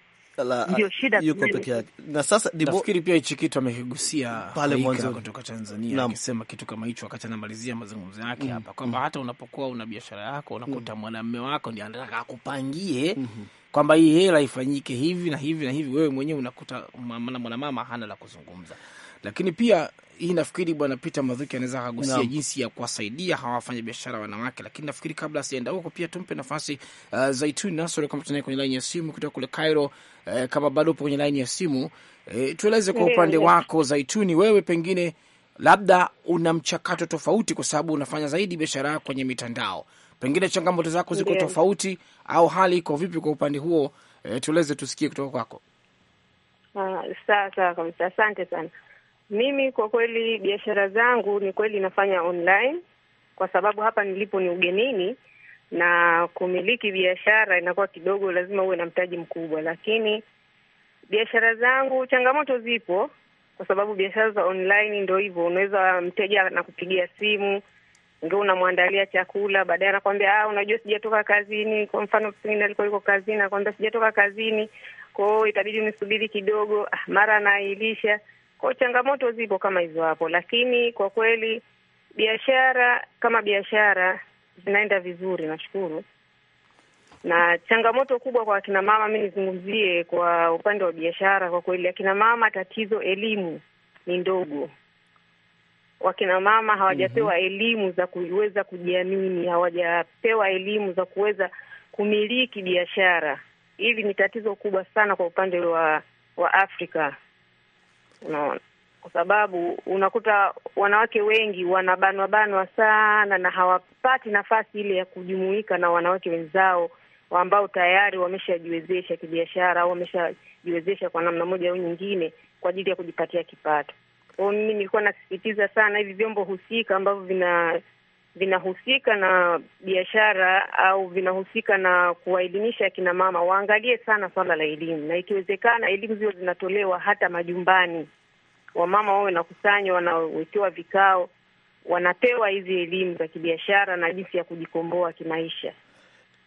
ndio ah, shida yuko peke yake. Na sasa nafikiri pia hichi kitu amekigusia pale mwanzo kutoka Tanzania akisema kitu kama hicho wakati anamalizia mazungumzo yake mm, hapa kwamba mm, hata unapokuwa una biashara yako unakuta mm, mwanamume wako ndiye anataka akupangie mm -hmm kwamba hii hela ifanyike hivi na hivi na hivi, wewe mwenyewe unakuta mwanamama hana la kuzungumza lakini pia hii nafikiri bwana Peter Madhuki anaweza akagusia no. jinsi ya kuwasaidia hawa wafanya biashara wanawake, lakini nafikiri kabla asienda huko pia tumpe nafasi uh, Zaituni Nasoro kama tunaye kwenye laini ya simu kutoka kule Cairo. Uh, kama bado upo kwenye laini ya simu uh, tueleze kwa upande wako Zaituni, wewe pengine labda una mchakato tofauti kwa sababu unafanya zaidi biashara yako kwenye mitandao, pengine changamoto zako ziko tofauti au hali iko vipi kwa upande huo? Uh, tueleze tusikie kutoka kwako. Ah, sawa sawa kabisa, asante sana mimi kwa kweli biashara zangu ni kweli nafanya online kwa sababu hapa nilipo ni ugenini na kumiliki biashara inakuwa kidogo, lazima uwe na mtaji mkubwa. Lakini biashara zangu changamoto zipo, kwa sababu biashara za online ndio hivyo, unaweza mteja anakupigia simu, ndio unamwandalia chakula, baadaye anakwambia ah, unajua sijatoka kazini. Kwa mfano pengine alikuwa yuko kazini, anakwambia sijatoka kazini, kwao itabidi unisubiri kidogo, ah, mara anaailisha kwa changamoto zipo kama hizo hapo, lakini kwa kweli biashara kama biashara zinaenda vizuri, nashukuru. Na changamoto kubwa kwa akina mama, mi nizungumzie kwa upande wa biashara. Kwa kweli akina mama, tatizo elimu ni ndogo. Wakina mama hawajapewa mm -hmm. elimu za kuweza kujiamini, hawajapewa elimu za kuweza kumiliki biashara. Hili ni tatizo kubwa sana kwa upande wa wa Afrika unaona, kwa sababu unakuta wanawake wengi wanabanwa banwa sana na hawapati nafasi ile ya kujumuika na wanawake wenzao ambao tayari wameshajiwezesha kibiashara au wameshajiwezesha kwa namna moja au nyingine kwa ajili ya kujipatia kipato. kwao mimi nilikuwa nasisitiza sana hivi vyombo husika ambavyo vina vinahusika na biashara au vinahusika na kuwaelimisha akina mama, waangalie sana swala la elimu, na ikiwezekana elimu hizo zinatolewa hata majumbani, wamama wawe nakusanywa, wanawekewa vikao, wanapewa hizi elimu za kibiashara na jinsi ya kujikomboa kimaisha.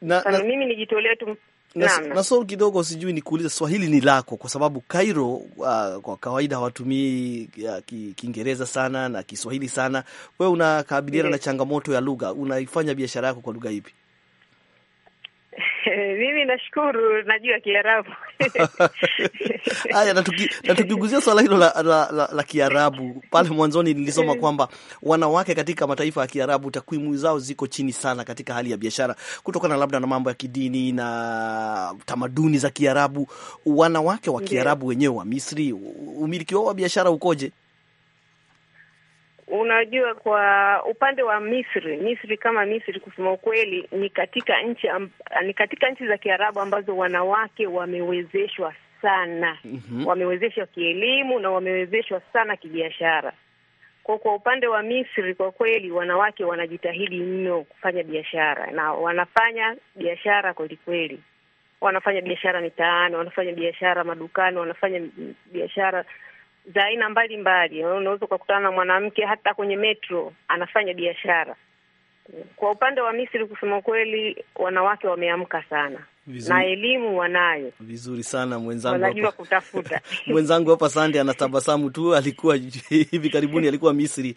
Na, na, mimi nijitolee tu Nas, sol kidogo, sijui kuuliza Swahili ni lako kwa sababu Cairo, uh, kwa kawaida hawatumii uh, Kiingereza sana na Kiswahili sana. Wewe unakabiliana na changamoto ya lugha, unaifanya biashara yako kwa lugha ipi? Eh, mimi nashukuru, najua Kiarabu. Haya, na tukiguzia swala hilo la, la, la, la Kiarabu, pale mwanzoni nilisoma eh. kwamba wanawake katika mataifa ya Kiarabu takwimu zao ziko chini sana katika hali ya biashara, kutokana labda na mambo ya kidini na tamaduni za Kiarabu. Wanawake wa Kiarabu wenyewe wa Misri, umiliki wao wa biashara ukoje? Unajua, kwa upande wa Misri, Misri kama Misri, kusema ukweli, ni katika nchi ni katika nchi za Kiarabu ambazo wanawake wamewezeshwa sana mm -hmm. Wamewezeshwa kielimu na wamewezeshwa sana kibiashara. Kwa kwa upande wa Misri, kwa kweli wanawake wanajitahidi mno kufanya biashara na wanafanya biashara kwelikweli wanafanya biashara mitaani, wanafanya biashara madukani, wanafanya biashara za aina mbalimbali. Unaweza ukakutana na mwanamke hata kwenye metro anafanya biashara. Kwa upande wa Misri, kusema kweli, wanawake wameamka sana Vizuri. Na elimu wanayo vizuri sana mwenzangu, wanajua kutafuta mwenzangu hapa Sande anatabasamu tu, alikuwa hivi karibuni alikuwa Misri.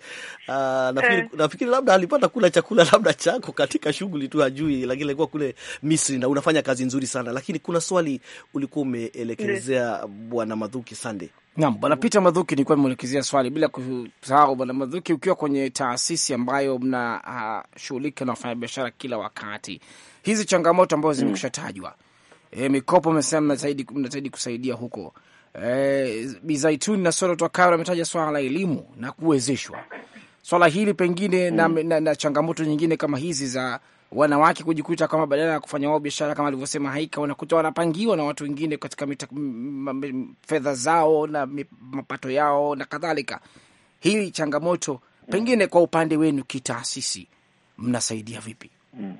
Uh, nafikiri, eh. nafikiri labda alipata kula chakula labda chako katika shughuli tu hajui, lakini alikuwa kule Misri na unafanya kazi nzuri sana, lakini kuna swali ulikuwa umeelekezea Bwana Madhuki Sande Naam, Bwana Peter Madhuki, nilikuwa nimeulekezea swali bila kusahau. Bwana Madhuki, ukiwa kwenye taasisi ambayo mnashughulika uh, na wafanyabiashara kila wakati, hizi changamoto ambazo mm. zimekusha tajwa e, mikopo mesema mnataidi, mnataidi kusaidia huko e, Bizaituni na Soro Twakaro ametaja swala la elimu na kuwezeshwa swala hili pengine mm. na, na, na changamoto nyingine kama hizi za wanawake kujikuta kwamba badala ya kufanya wao biashara kama alivyosema Haika, wanakuta wanapangiwa na watu wengine katika fedha zao na mapato yao na kadhalika. Hili changamoto pengine kwa upande wenu kitaasisi mnasaidia vipi? Mm.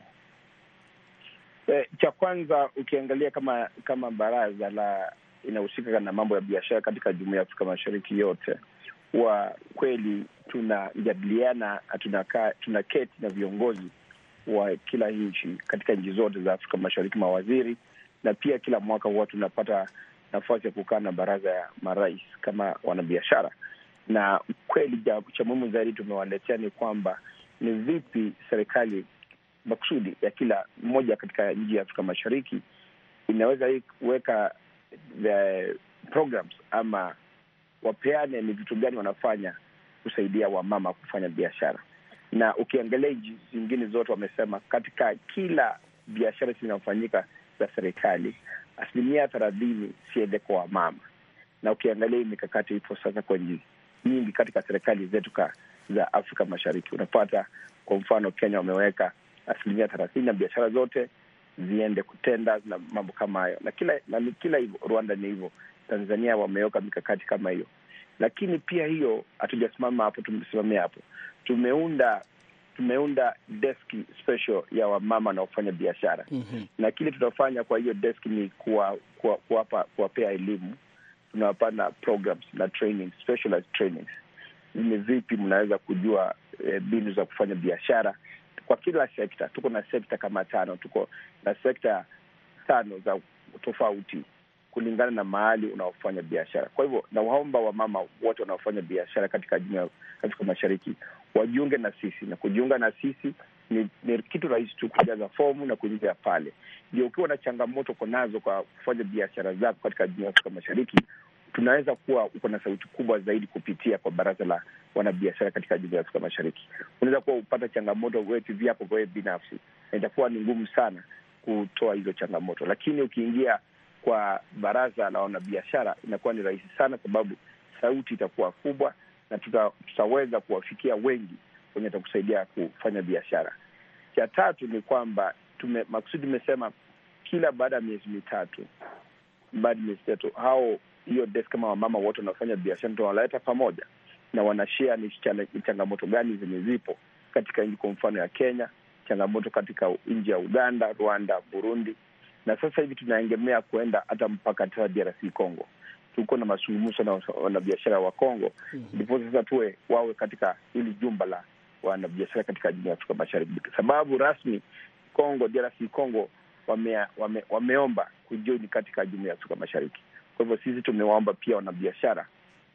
E, cha kwanza ukiangalia kama kama baraza la inahusika na mambo ya biashara katika jumuiya ya Afrika Mashariki yote wa kweli tunajadiliana, tunakaa tunaketi na viongozi wa kila nchi katika nchi zote za Afrika Mashariki, mawaziri na pia kila mwaka huwa tunapata nafasi ya kukaa na baraza ya marais kama wanabiashara, na kweli cha muhimu zaidi tumewaletea ni kwamba ni vipi serikali makusudi ya kila mmoja katika nchi ya Afrika Mashariki inaweza kuweka eh, programs ama wapeane ni vitu gani wanafanya kusaidia wamama kufanya biashara na ukiangalia nchi zingine zote wamesema katika kila biashara zinazofanyika za serikali asilimia thelathini siende kwa mama, na ukiangalia hii mikakati ipo sasa kwenye nyingi katika serikali zetu za Afrika Mashariki. Unapata kwa mfano Kenya wameweka asilimia thelathini na biashara zote ziende kutenda na mambo kama hayo, na kila na kila Rwanda ni hivyo. Tanzania wameweka mikakati kama hiyo. Lakini pia hiyo hatujasimama hapo, tumesimamia hapo, tumeunda tumeunda deski special ya wamama na wafanya biashara mm -hmm. Na kile tunafanya kwa hiyo deski ni kuwapa kuwa, kuwa kuwapea elimu, tunawapana programs na training, specialized trainings. Ni vipi mnaweza kujua eh, mbinu za kufanya biashara kwa kila sekta. Tuko na sekta kama tano, tuko na sekta tano za tofauti kulingana na mahali unaofanya biashara. Kwa hivyo nawaomba wamama wote wanaofanya biashara katika jumuiya ya Afrika Mashariki wajiunge na sisi, na kujiunga na sisi ni, ni kitu rahisi tu, kujaza fomu na kuingia pale. Ndio ukiwa na changamoto uko nazo kwa kufanya biashara zako katika jumuiya ya Afrika Mashariki, tunaweza kuwa uko na sauti kubwa zaidi kupitia kwa baraza la wanabiashara katika jumuiya ya Afrika Mashariki. Unaweza kuwa upata changamoto wetu vyako wewe binafsi, na itakuwa ni ngumu sana kutoa hizo changamoto, lakini ukiingia kwa baraza la wanabiashara inakuwa ni rahisi sana, sababu sauti itakuwa kubwa na tuta, tutaweza kuwafikia wengi wenye atakusaidia kufanya biashara. Cha tatu ni kwamba tume, makusudi tumesema kila baada ya miezi mitatu, baada ya miezi mitatu hao hiyo desk kama wamama wote wanaofanya biashara tunawaleta pamoja na wanashea ni changamoto gani zenye zipo katika nchi, kwa mfano ya Kenya, changamoto katika nchi ya Uganda, Rwanda, Burundi na sasa hivi tunaengemea kuenda hata mpaka ta DRC Congo. Tuko na mazungumzo na wanabiashara wa Congo, mhm. ndipo sasa tuwe wawe katika hili jumba la wanabiashara katika jumuiya ya Afrika Mashariki, sababu rasmi Congo, DRC Congo wame, wame, wameomba kujiuni katika jumuiya ya Afrika Mashariki. Kwa hivyo sisi tumewaomba pia wanabiashara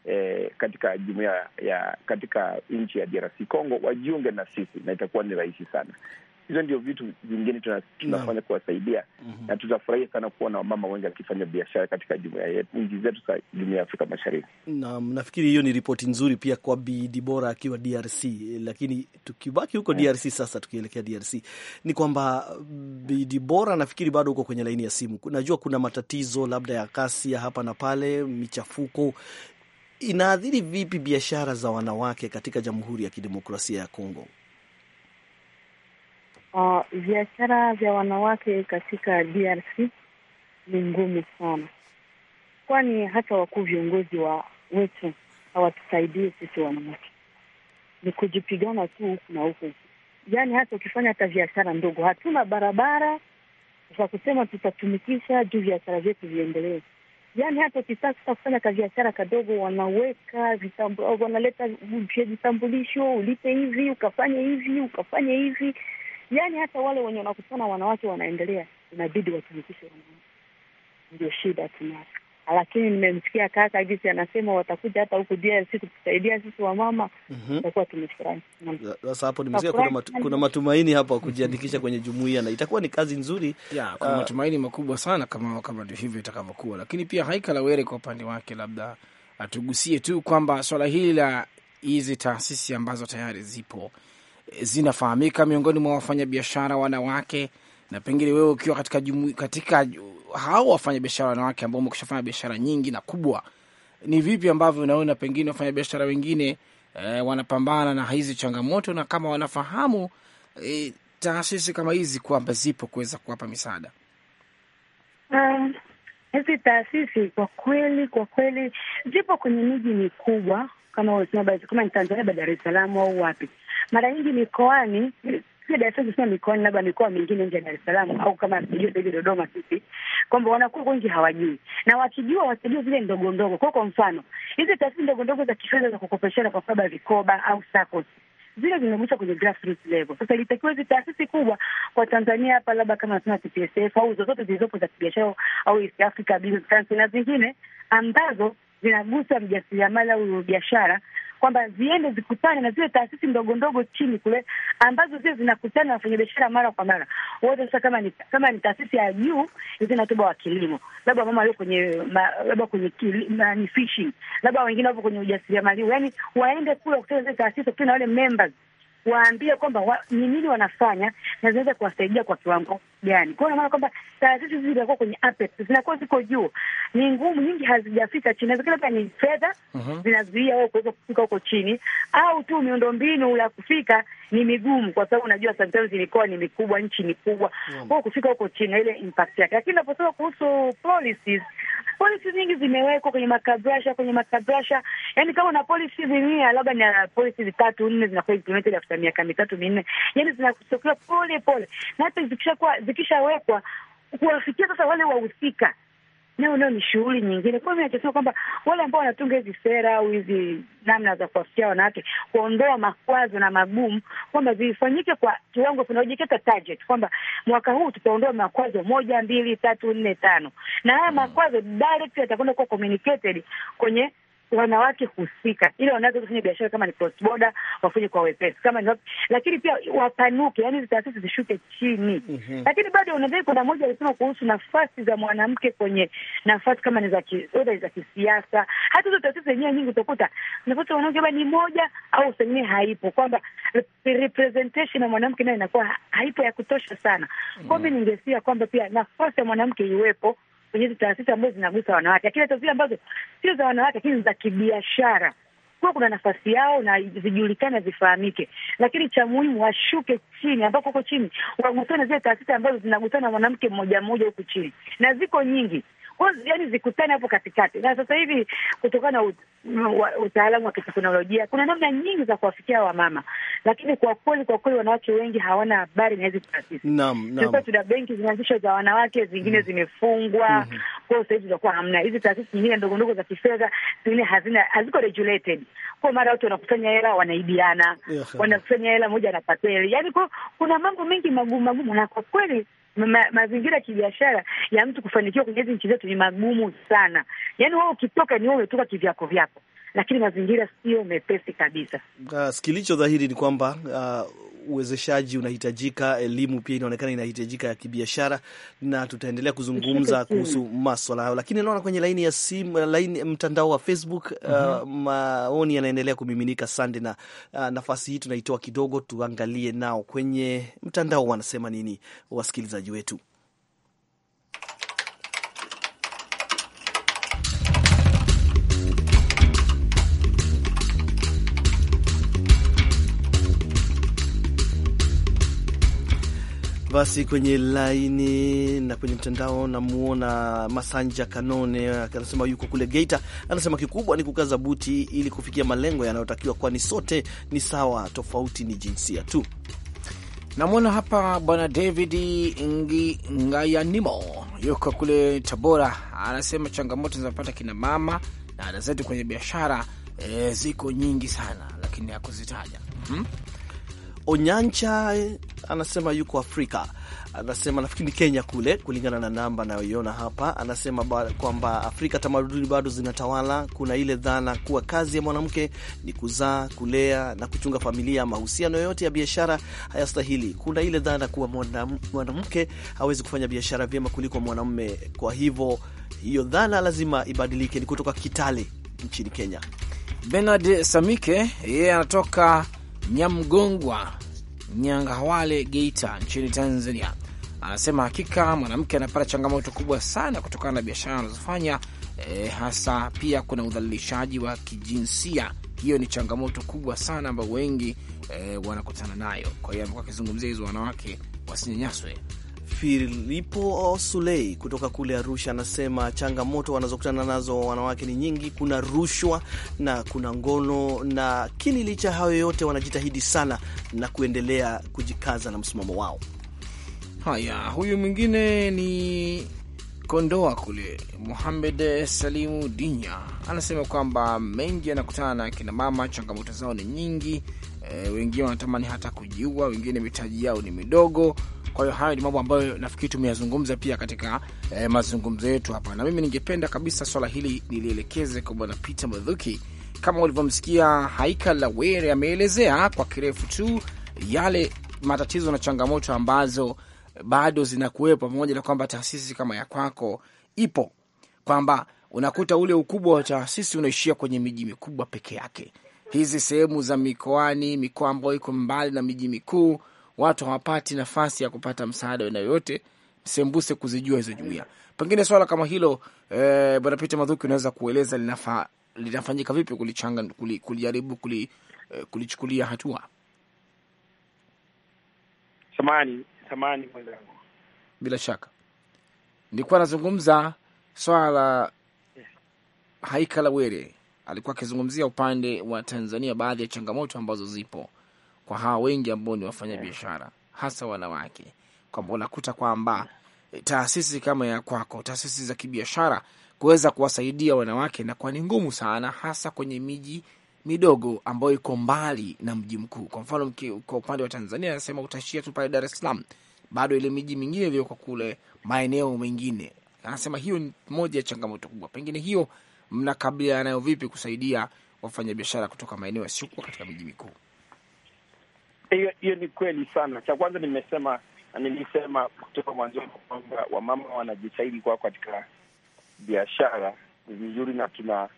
eh, katika jumuiya ya katika nchi ya DRC Congo wajiunge na sisi, na itakuwa ni rahisi sana hizo ndio vitu vingine tunafanya kuwasaidia, mm -hmm. na tutafurahia sana kuona wamama wengi wakifanya biashara katika jumuia nchi zetu za jumuia ya Afrika Mashariki. Naam, nafikiri hiyo ni ripoti nzuri pia kwa Bi Dibora akiwa DRC. Lakini tukibaki huko yeah. DRC sasa, tukielekea DRC ni kwamba Bi Dibora, nafikiri bado huko kwenye laini ya simu. Najua kuna matatizo labda ya kasi ya hapa na pale, michafuko inaathiri vipi biashara za wanawake katika Jamhuri ya Kidemokrasia ya Kongo? Uh, biashara vya wanawake katika DRC ni ngumu sana, kwani hata wakuu viongozi wa wetu hawatusaidie sisi wanawake, ni kujipigana tu huku na huku. Yaani hata ukifanya hata biashara ndogo, hatuna barabara za kusema tutatumikisha juu biashara vyetu viendelee. Yaani hata ukitaka kufanya kabiashara kadogo, wanaweka vitambu, wanaleta vitambulisho, ulipe hivi, ukafanye hivi, ukafanye hivi yani hata wale wenye wanakutana wanawake wanaendelea, inabidi watumikishe wanawake, ndio shida tunayo. Lakini nimemsikia kaka jinsi anasema watakuja hata huku DRC kutusaidia sisi wamama, mhm. tutakuwa tumefurahi. Sasa hapo nimesikia kuna, matu, kuna matumaini hapo kujiandikisha kwenye jumuiya na itakuwa ni kazi nzuri ya, uh, kuna uh, matumaini makubwa sana kama kama ndio hivyo itakavyokuwa. Lakini pia Haikala Were kwa upande wake labda atugusie tu kwamba swala hili la hizi taasisi ambazo tayari zipo zinafahamika miongoni mwa wafanyabiashara wanawake, na pengine wewe ukiwa katika, jumu, katika hao wafanyabiashara wanawake ambao fanya biashara nyingi na kubwa, ni vipi ambavyo unaona pengine wafanyabiashara wengine e, wanapambana na hizi changamoto na kama wanafahamu e, taasisi kama hizi kwamba zipo kuweza kuwapa misaada um, hizi um, taasisi kwa kweli kwa kweli zipo kwenye miji mikubwa kama basi, kama ni Tanzania ba Dar es Salaam au wapi, mara nyingi mikoani sio Dar es Salaam, sio mikoani, labda mikoa mingine nje ya Dar es Salaam au kama sijui sasa hivi Dodoma, sisi kwamba wanakuwa wengi hawajui, na wakijua wasijue zile ndogo ndogo. Kwa kwa mfano hizi taasisi ndogo ndogo za kifedha za kukopeshana kwa sababu vikoba au SACCOS zile zinagusa kwenye grassroots level. Sasa ilitakiwa hizi taasisi kubwa kwa Tanzania hapa, labda kama nasema TPSF au zozote zilizopo za kibiashara au East Africa Business Council na zingine ambazo zinagusa mjasiriamali au biashara, kwamba ziende zikutane na zile taasisi ndogo ndogo chini kule ambazo zile zinakutana na wafanyabiashara mara kwa mara wote. Sasa kama ni kama ni taasisi ya juu zinatoba wa kilimo, labda mama walio kwenye labda kwenye ni fishing, labda wengine wapo kwenye ujasiriamali, yaani waende kule wakutana zile taasisi, kutana na wale members, waambie kwamba wa, ni nini wanafanya na zinaweza kuwasaidia kwa kiwango gani. Kwa maana kwamba taasisi hizi zinakuwa kwenye apex, zinakuwa ziko juu, ni ngumu, nyingi hazijafika chini. Inawezekana pia ni fedha mhm. zinazuia wao kuweza kufika huko chini, au tu miundo mbinu ya kufika ni migumu, kwa sababu unajua sometimes mikoa ni mikubwa, nchi ni kubwa, mhm. kwa hiyo kufika huko chini ile impact yake. Lakini naposema kuhusu policies, polisi nyingi zimewekwa kwenye makabrasha, kwenye makabrasha, yani kama una polisi mia, labda ni uh, polisi tatu nne zinakuwa implemented after miaka mitatu minne, yani zinatokea pole pole, na hata zikishakuwa zikishawekwa kuwafikia sasa wale wahusika, nao nao ni shughuli nyingine. Kwa hiyo nachosema kwamba wale ambao wanatunga hizi sera au hizi namna za kuwafikia wanawake, kuondoa makwazo na magumu, kwamba zifanyike kwa kiwango kinaojiketa target, kwamba mwaka huu tutaondoa makwazo moja, mbili, tatu, nne, tano, na haya makwazo direct yatakwenda kuwa communicated kwenye wanawake husika, ili wanawake kufanya biashara kama ni cross border wafanye kwa wepesi kama ni wapi, lakini pia wapanuke, yani taasisi zishuke chini. mm -hmm. Lakini bado unadhani, kuna moja alisema kuhusu nafasi za mwanamke kwenye nafasi kama ni za kiodha za kisiasa, hata hizo taasisi zenyewe nyingi utakuta nafasi mwanamke ni moja au sengine haipo, kwamba representation ya mwanamke nayo inakuwa haipo ya kutosha sana. Kwa mimi mm -hmm. ningesia kwamba pia nafasi ya mwanamke iwepo kwenye hizi taasisi ambazo zinagusa wanawake, lakini hata zile ambazo sio za wanawake, lakini za kibiashara kuwa kuna nafasi yao na zijulikane, zifahamike, lakini cha muhimu washuke chini, ambako huko chini wagusane zile taasisi ambazo zinagusana mwanamke mmoja mmoja huku chini, na ziko nyingi. Kwa yani zikutane hapo katikati, na sasa hivi kutokana na utaalamu wa kiteknolojia kuna namna nyingi za kuwafikia wamama, lakini kwa kweli, kwa kweli wanawake wengi hawana habari na hizi taasisi. Naam, naam. Sasa tuna benki zinaanzishwa za wanawake, zingine mm. zimefungwa mm -hmm. Kwa hiyo sahizi utakuwa hamna hizi taasisi nyingine ndogo ndogo za kifedha, zingine hazina haziko regulated kwa mara watu wanakusanya hela wanaibiana, yes, wanakusanya hela moja anapata hela. yani kwa, kuna mambo mengi magumu magumu, na kwa kweli ma, mazingira ya kibiashara ya mtu kufanikiwa kwenye hizi nchi zetu ni magumu sana. Yaani wewe ukitoka ni wewe umetoka kivyako vyako lakini mazingira sio mepesi kabisa. Uh, ah, kilicho dhahiri ni kwamba uh, uwezeshaji unahitajika, elimu pia inaonekana inahitajika ya kibiashara, na tutaendelea kuzungumza kuhusu maswala hayo, lakini naona kwenye laini ya simu, laini mtandao wa Facebook mm -hmm. uh, maoni yanaendelea kumiminika sande, na uh, nafasi hii tunaitoa kidogo, tuangalie nao kwenye mtandao wanasema nini wasikilizaji wetu. Basi kwenye laini na kwenye mtandao namuona Masanja Kanone anasema yuko kule Geita. Anasema kikubwa ni kukaza buti ili kufikia malengo yanayotakiwa, kwani sote ni sawa, tofauti ni jinsia tu. Namwona hapa bwana David Ngayanimo yuko kule Tabora, anasema changamoto zinapata kina mama na ada zetu kwenye biashara e, ziko nyingi sana, lakini hakuzitaja hmm? Onyancha anasema yuko Afrika, anasema nafikiri ni Kenya kule, kulingana na namba anayoiona hapa. Anasema kwamba Afrika tamaduni bado zinatawala. Kuna ile dhana kuwa kazi ya mwanamke ni kuzaa, kulea na kuchunga familia. Mahusiano yoyote ya biashara hayastahili. Kuna ile dhana kuwa mwanamke hawezi kufanya biashara vyema kuliko mwanamume. Kwa hivyo hiyo dhana lazima ibadilike. Ni kutoka Kitale nchini Kenya. Bernard Samike yeye anatoka Nyamgongwa Nyangawale, Geita nchini Tanzania, anasema hakika mwanamke anapata changamoto kubwa sana kutokana na biashara anazofanya e, hasa pia kuna udhalilishaji wa kijinsia. Hiyo ni changamoto kubwa sana ambayo wengi e, wanakutana nayo. Kwa hiyo amekuwa akizungumzia hizo wanawake wasinyanyaswe Filipo Sulei kutoka kule Arusha anasema changamoto wanazokutana nazo wanawake ni nyingi. Kuna rushwa na kuna ngono, lakini licha hayo yote wanajitahidi sana na kuendelea kujikaza na msimamo wao. Haya, huyu mwingine ni Kondoa kule, Muhamed Salimu Dinya anasema kwamba mengi yanakutana na kinamama changamoto zao ni nyingi. E, wengine wanatamani hata kujiua, wengine mitaji yao ni midogo kwa hiyo hayo ni mambo ambayo nafikiri tumeyazungumza pia katika eh, mazungumzo yetu hapa, na mimi ningependa kabisa swala hili nilielekeze kwa bwana Peter Mathuki. Kama ulivyomsikia Haika Lawere ameelezea kwa kirefu tu yale matatizo na changamoto ambazo bado zinakuwepo, pamoja na kwamba taasisi kama ya kwako ipo, kwamba unakuta ule ukubwa wa taasisi unaishia kwenye miji mikubwa peke yake. Hizi sehemu za mikoani, mikoa ambayo iko mbali na miji mikuu, watu hawapati nafasi ya kupata msaada aina yoyote, sembuse kuzijua hizo jumuia. Pengine swala kama hilo eh, Bwana Peter Madhuki, unaweza kueleza linafa, linafanyika vipi kulichanga kulijaribu kuli, eh, kulichukulia hatua? samani, samani, mwenzangu, bila shaka nilikuwa nazungumza swala la Haika alikuwa akizungumzia upande wa Tanzania baadhi ya changamoto ambazo zipo kwa hawa wengi ambao ni wafanya biashara hasa wanawake, kwamba unakuta kwamba e, taasisi kama ya kwako, taasisi za kibiashara kuweza kuwasaidia wanawake na kwa ni ngumu sana, hasa kwenye miji midogo ambayo iko mbali na mji mkuu. Kwa mfano, kwa upande wa Tanzania anasema utaishia tu pale Dar es Salaam, bado ile miji mingine iliyoko kule maeneo mengine. Anasema hiyo ni moja ya changamoto kubwa. Pengine hiyo mnakabiliana nayo vipi kusaidia wafanyabiashara kutoka maeneo yasiyokuwa katika miji mikuu? Eh, hiyo ni kweli sana. Cha kwanza nimesema nilisema kutoka mwanzoni kwamba wamama wanajitahidi kwao katika biashara vizuri, na tuna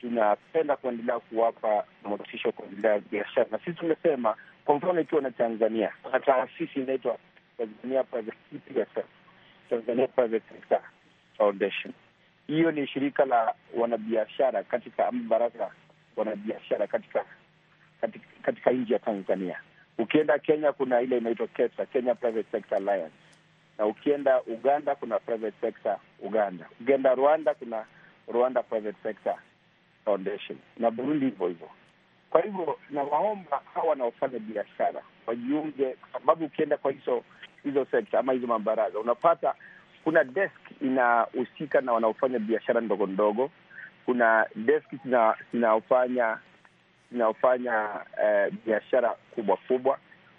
tunapenda kuendelea kuwapa motisho kuendelea biashara, na sisi tumesema, kwa mfano ikiwa na Tanzania na taasisi inaitwa Tanzania Tanzania Private Sector Foundation. Hiyo ni shirika la wanabiashara katika ama baraza wanabiashara katika katika, katika nchi ya Tanzania. Ukienda Kenya kuna ile inaitwa KEPSA, Kenya Private Sector Alliance, na ukienda Uganda kuna Private Sector Uganda, ukienda Rwanda kuna Rwanda Private Sector Foundation, na Burundi hivyo hivyo. Kwa hivyo nawaomba hawa wanaofanya biashara wajiunge, kwa sababu ukienda kwa hizo hizo sekta ama hizo mabaraza unapata kuna desk inahusika na wanaofanya biashara ndogo ndogo, kuna desk zinaofanya inayofanya eh, biashara kubwa kubwa.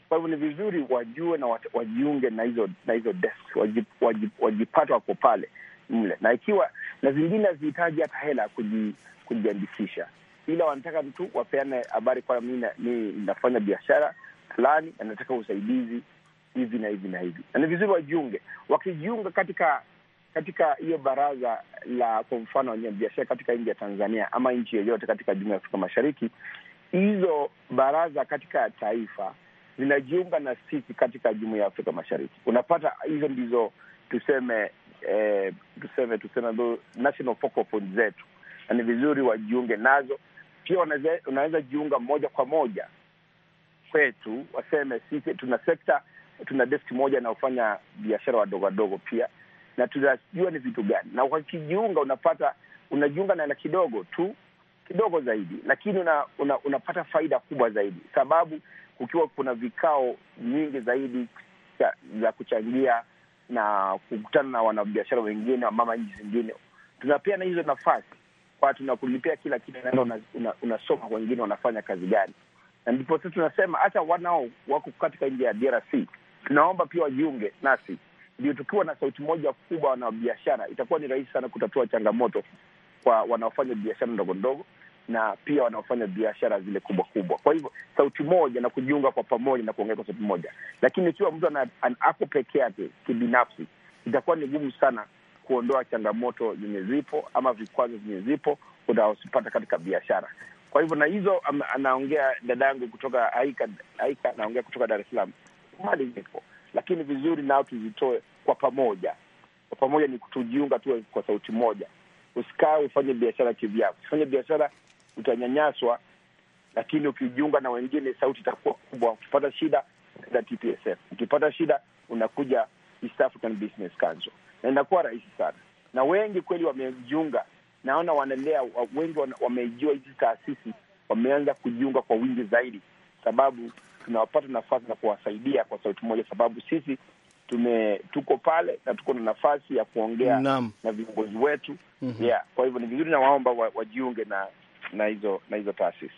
Kwa hivyo ni vizuri wajue na wajiunge na hizo na hizo desk wajip, wajip, wajipata wako pale mle, na ikiwa na zingine hazihitaji hata hela kuji, kujiandikisha, ila wanataka mtu wapeane habari kwa mi inafanya biashara fulani na nataka usaidizi hivi na hivi na hivi, na ni vizuri wajiunge. Wakijiunga katika katika hiyo baraza la kwa mfano wanyabiashara katika nji ya Tanzania ama nchi yoyote katika jumuiya ya Afrika Mashariki, hizo baraza katika taifa zinajiunga na sisi katika jumuiya ya Afrika Mashariki. Unapata hizo ndizo tuseme, eh, tuseme tuseme national focal point zetu, na ni vizuri wajiunge nazo pia. Unaweza jiunga moja kwa moja kwetu, waseme sisi tuna sekta, tuna deski moja ufanya biashara wadogo wadogo pia na tunajua ni vitu gani, na wakijiunga unapata unajiunga na, kidogo tu kidogo zaidi, lakini una, una, unapata faida kubwa zaidi, sababu kukiwa kuna vikao nyingi zaidi za kuchangia na kukutana na wanabiashara wengine wa mama nchi zingine, na hizo nafasi kwa tunakulipia kila kitu, naenda una, una, unasoma wengine wanafanya kazi gani, na ndipo sasa tunasema hata wanao wako katika nje ya DRC tunaomba pia wajiunge nasi ndio tukiwa na sauti moja kubwa wanabiashara, itakuwa ni rahisi sana kutatua changamoto kwa wanaofanya biashara ndogo ndogo na pia wanaofanya biashara zile kubwa kubwa. Kwa hivyo sauti moja na kujiunga kwa pamoja na kuongea kwa sauti moja, lakini ikiwa mtu ako peke yake kibinafsi, itakuwa ni gumu sana kuondoa changamoto zenye zipo ama vikwazo zenye zipo unaozipata katika biashara. Kwa hivyo na hizo anaongea dada yangu kutoka Aika, Aika anaongea kutoka Dar es Salaam, mali zipo lakini vizuri nao tuzitoe kwa pamoja. Kwa pamoja ni tujiunga tu kwa sauti moja. Usikae ufanye biashara kivyako. Ukifanya biashara utanyanyaswa, lakini ukijiunga na wengine sauti itakuwa kubwa. Ukipata shida TPSF, ukipata shida unakuja East African Business Council na inakuwa rahisi sana, na wengi kweli wamejiunga. Naona wanalea wengi, wamejua hizi taasisi, wameanza kujiunga kwa wingi zaidi, sababu tunawapata nafasi na kuwasaidia kwa sauti moja, sababu sisi tume tuko pale na tuko na nafasi ya kuongea Naam. na viongozi wetu mm -hmm. yeah. Kwa hivyo ni vizuri, nawaomba wajiunge na na hizo na hizo taasisi.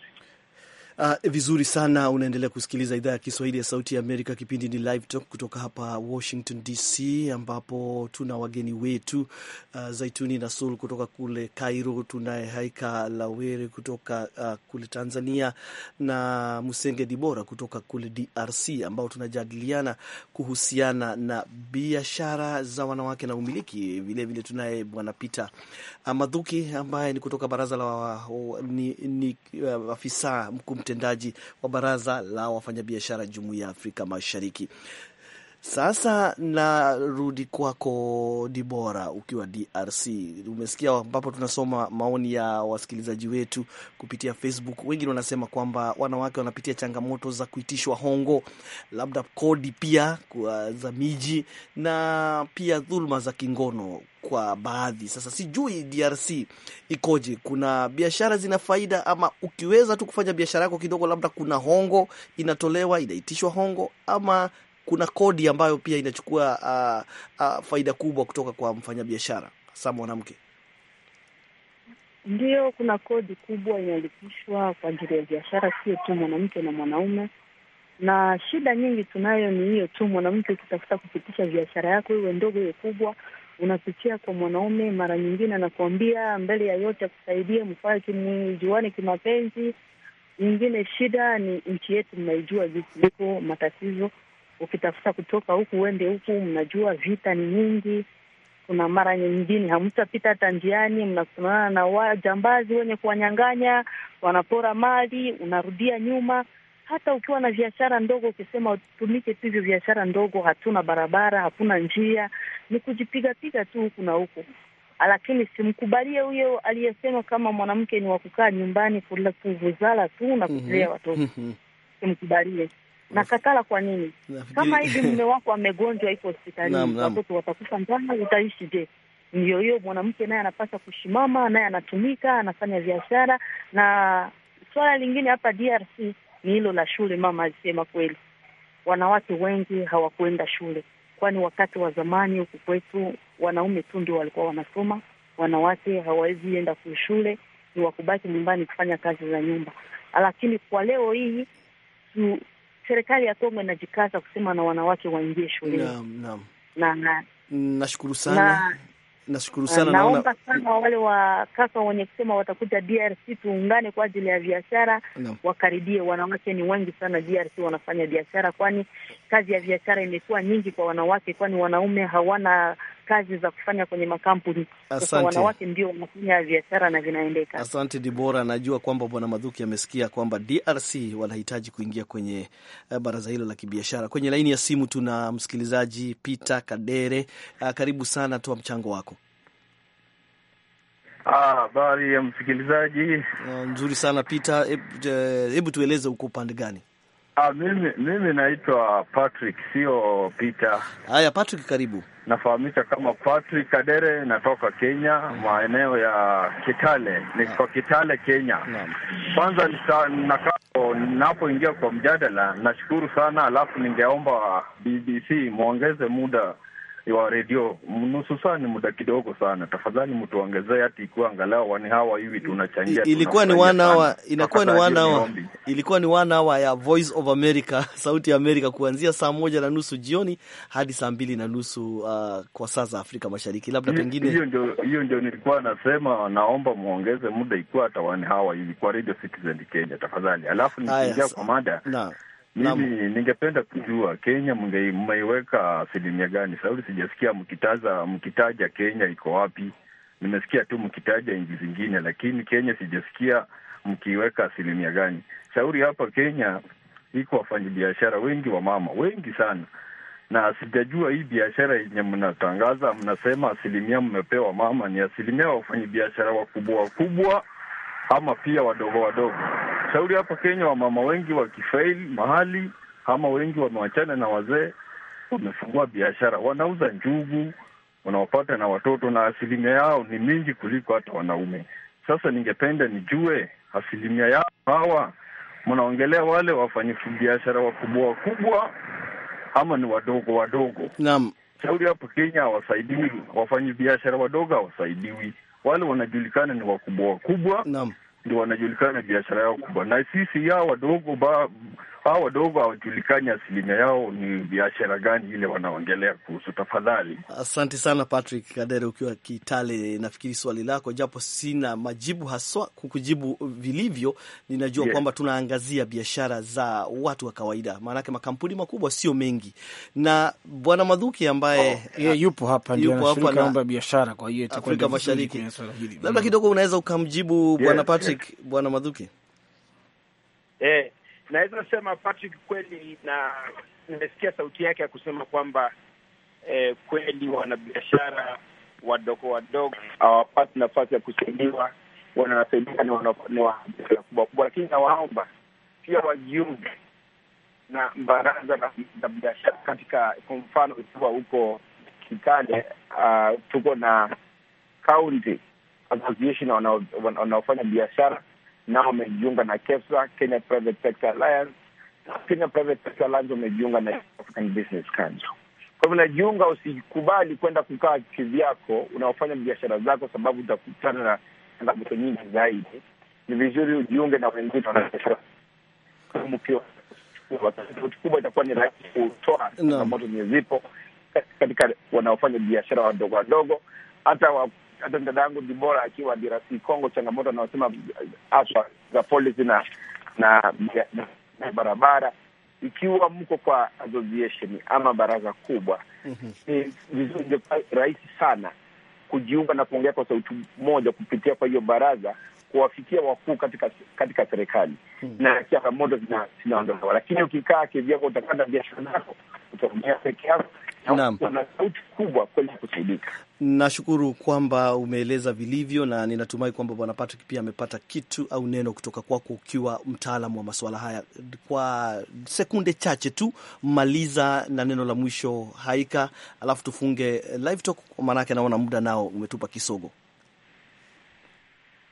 Uh, vizuri sana. Unaendelea kusikiliza idhaa ya Kiswahili ya Sauti ya Amerika, kipindi ni Live Talk kutoka hapa Washington DC, ambapo tuna wageni wetu uh, Zaituni na Sul kutoka kule Cairo, tunaye Haika Lawere kutoka uh, kule Tanzania na Musenge Dibora kutoka kule DRC, ambao tunajadiliana kuhusiana na biashara za wanawake na umiliki. Vilevile tunaye Bwana Peter madhuki ambaye ni kutoka baraza la ni, ni, uh, afisa mkuu mtendaji wa baraza la wafanyabiashara jumuiya ya Afrika Mashariki. Sasa narudi kwako Dibora, ukiwa DRC. Umesikia ambapo tunasoma maoni ya wasikilizaji wetu kupitia Facebook. Wengine wanasema kwamba wanawake wanapitia changamoto za kuitishwa hongo, labda kodi pia za miji na pia dhuluma za kingono kwa baadhi. Sasa sijui DRC ikoje, kuna biashara zina faida ama ukiweza tu kufanya biashara yako kidogo, labda kuna hongo inatolewa, inaitishwa hongo ama kuna kodi ambayo pia inachukua uh, uh, faida kubwa kutoka kwa mfanyabiashara hasa mwanamke. Ndiyo, kuna kodi kubwa inalipishwa kwa ajili ya biashara, sio tu mwanamke na mwanaume. Na shida nyingi tunayo ni hiyo tu, mwanamke ukitafuta kupitisha biashara yako iwe ndogo iwe kubwa, unapitia kwa mwanaume. Mara nyingine anakuambia mbele ya yote akusaidie, mfaa kimjuane kimapenzi. Nyingine shida ni nchi yetu, mnaijua jinsi iko matatizo ukitafuta kutoka huku uende huku, mnajua vita ni nyingi. Kuna mara nyingine hamtapita hata njiani, mnakutanana na wajambazi wenye kuwanyang'anya, wanapora mali, unarudia nyuma. Hata ukiwa na biashara ndogo, ukisema utumike tu hivyo biashara ndogo, hatuna barabara, hakuna njia, ni kujipigapiga tu huku na huku. Lakini simkubalie huyo aliyesema kama mwanamke ni wa kukaa nyumbani kuvuzala tu na kulea mhm. watoto, mhm. simkubalie na katala kwa nini? Kama hivi mume wako amegonjwa, iko hospitalini, watoto watakufa njaa, utaishi je? Ndio hiyo, mwanamke naye anapasa kushimama, naye anatumika, anafanya biashara. Na swala lingine hapa DRC ni hilo la shule. Mama alisema kweli, wanawake wengi hawakuenda shule, kwani wakati wa zamani huku kwetu wanaume tu ndio walikuwa wanasoma, wanawake hawawezi enda kushule, ni wakubaki nyumbani kufanya kazi za nyumba. Lakini kwa leo hii serikali ya Kongo inajikaza kusema na wanawake waingie shuleni. Naam, naam, nashukuru sana, nashukuru sana. Naomba sana wale wakaka wenye kusema watakuja DRC, tuungane kwa ajili ya biashara, wakaribie. Wanawake ni wengi sana DRC wanafanya biashara, kwani kazi ya biashara imekuwa nyingi kwa wanawake, kwani wanaume hawana kazi za kufanya kwenye makampuni. Sasa wanawake ndio wanafanya biashara na vinaendeka. Asante Dibora, najua kwamba Bwana Madhuki amesikia kwamba DRC wanahitaji kuingia kwenye eh, baraza hilo la kibiashara. Kwenye laini ya simu tuna msikilizaji Peter Kadere, ah, karibu sana, toa mchango wako. Ah, habari ah, ya msikilizaji ah, nzuri sana Peter, eh, hebu tueleze uko upande gani? Ah, mimi mimi naitwa Patrick, sio Peter. Haya Patrick, karibu. Nafahamika kama Patrick Kadere, natoka Kenya maeneo ya Kitale, niko Kitale Kenya. Kwanza ninapoingia kwa mjadala nashukuru sana, alafu ningeomba BBC muongeze muda wa redio nusu saa ni muda kidogo sana. Tafadhali mtuongezee hata ikiwa angalau wani hawa hivi tunachangia. Ilikuwa ni wana hawa, inakuwa ni wana ilikuwa ni wana ya Voice of America, sauti ya America, kuanzia saa moja na nusu jioni hadi saa mbili na nusu uh, kwa saa za Afrika Mashariki. Labda pengine hiyo ndio hiyo ndio nilikuwa nasema, naomba muongeze muda ikiwa hata wani hawa hivi kwa Radio Citizen Kenya, tafadhali. Alafu nikiingia kwa mada na mimi ningependa kujua Kenya mmeiweka asilimia gani? Sauri sijasikia mkitaza mkitaja Kenya iko wapi. Nimesikia tu mkitaja nchi zingine, lakini Kenya sijasikia mkiweka asilimia gani. Shauri hapa Kenya iko wafanyabiashara wengi, wa mama wengi sana, na sijajua hii biashara yenye mnatangaza, mnasema asilimia mmepewa mama, ni asilimia wafanyabiashara wakubwa wakubwa ama pia wadogo wadogo. Shauri hapa Kenya, wamama wengi wakifaili mahali ama wengi wamewachana na wazee, wamefungua biashara, wanauza njugu, wanawapata na watoto, na asilimia yao ni mingi kuliko hata wanaume. Sasa ningependa nijue asilimia yao hawa, mnaongelea wale wafanyabiashara wakubwa wakubwa ama ni wadogo wadogo? Naam, shauri hapa Kenya hawasaidiwi, wafanyabiashara wadogo hawasaidiwi wale wanajulikana ni wakubwa wakubwa, ndio wanajulikana biashara yao kubwa, na sisi yao wadogo ba hawa wadogo hawajulikani asilimia yao ni biashara gani ile wanaongelea kuhusu. Tafadhali, asante sana Patrick Kadere ukiwa Kitale. Nafikiri swali lako japo sina majibu haswa kukujibu vilivyo, ninajua yes, kwamba tunaangazia biashara za watu wa kawaida, maanake makampuni makubwa sio mengi, na bwana Madhuki ambaye oh, yeah, yupo hapa yupo hapa na biashara, kwa hiyo Afrika Mashariki labda mm. kidogo unaweza ukamjibu bwana Patrick yes, bwana Madhuki eh naweza sema Patrick kweli, na nimesikia sauti yake ya kusema kwamba eh, kweli wanabiashara wadogo wadogo hawapati nafasi ya kusaidiwa, wanasaidika ni wanabiashara kubwa kubwa, lakini nawaomba pia wajiunge na baraza la biashara katika, kwa mfano, ikiwa huko Kitale uh, tuko na kaunti association wanaofanya biashara nao wamejiunga na KEPSA, Kenya Private Sector Alliance. Kenya Private Sector Alliance wamejiunga na African Business Council. Kwa hivyo najiunga, usikubali kwenda kukaa kivyako unaofanya biashara zako, sababu utakutana na changamoto nyingi zaidi. Ni vizuri ujiunge na wengine wanabiashara kubwa, itakuwa ni rahisi kutoa changamoto zenye zipo katika wanaofanya biashara wadogo wadogo, hata hata dada yangu Dibora akiwa DRC Congo, changamoto anaosema haswa za polisi na na, na na barabara. Ikiwa mko kwa association ama baraza kubwa, mhm. ni mm -hmm. vizuri, ingekuwa rahisi sana kujiunga na kuongea kwa sauti moja kupitia kwa hiyo baraza kuwafikia wakuu katika katika serikali hmm. na changamoto zinaondolewa, lakini ukikaa kivyako, utakanda biashara zako, utaongea peke yako, na wana sauti kubwa kusaidika. Nashukuru kwamba umeeleza vilivyo, na ninatumai kwamba Bwana Patrick pia amepata kitu au neno kutoka kwako, ukiwa mtaalamu wa masuala haya. Kwa sekunde chache tu, maliza na neno la mwisho Haika, alafu tufunge live talk, maanake naona muda nao umetupa kisogo.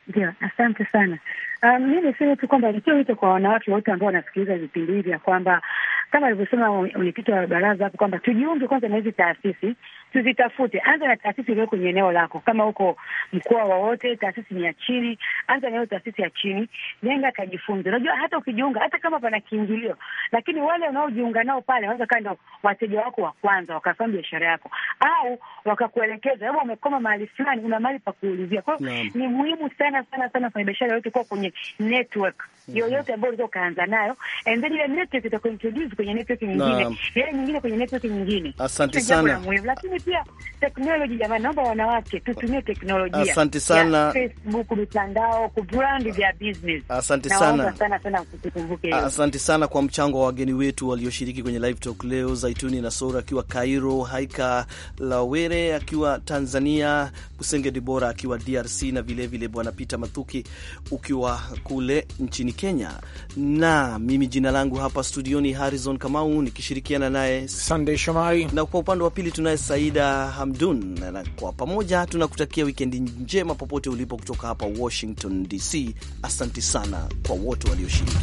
Ndio, asante sana. Um, ah, mi niseme tu kwamba nitoe wito kwa wanawake wote ambao wanasikiliza vipindi hivi ya kwamba kama alivyosema mwenyekiti wa baraza hapo kwamba tujiunge kwanza na hizi taasisi, tuzitafute. Anza na taasisi iliyo kwenye eneo lako, kama huko mkoa wowote taasisi ni ya chini, anza na hiyo taasisi ya chini, nenda kajifunze. Unajua hata ukijiunga, hata kama pana kiingilio, lakini wale wanaojiunga nao pale wanaweza kaa ndo wateja wako wa kwanza, wakafahamu biashara yako, au wakakuelekeza, labda umekoma mahali fulani, una mahali pa kuulizia. Kwa hiyo ni muhimu sana sana sana kwenye biashara yote kuwa kwenye network yoyote ambayo ulizo ukaanza nayo, and then ile network itakuintroduce kwenye network nyingine, yale nyingine kwenye network nyingine. Asante sana, lakini pia teknolojia, jamani, naomba wanawake tutumie teknolojia. Asante sana, Facebook, mitandao, ku brand their business. Asante sana sana sana, tukumbuke. Asante sana kwa mchango wa wageni wetu walioshiriki kwenye live talk leo, Zaituni na Sora akiwa Cairo, Haika Lawere akiwa Tanzania, Kusenge Dibora akiwa DRC na vile vile Bwana Peter Mathuki ukiwa kule nchini Kenya, na mimi jina langu hapa studioni Harrison Harrison Kamau nikishirikiana naye Sunday Shomari, na kwa upande wa pili tunaye Saida Hamdun, na kwa pamoja tunakutakia wikendi njema popote ulipo, kutoka hapa Washington DC. Asante sana kwa wote walioshiriki.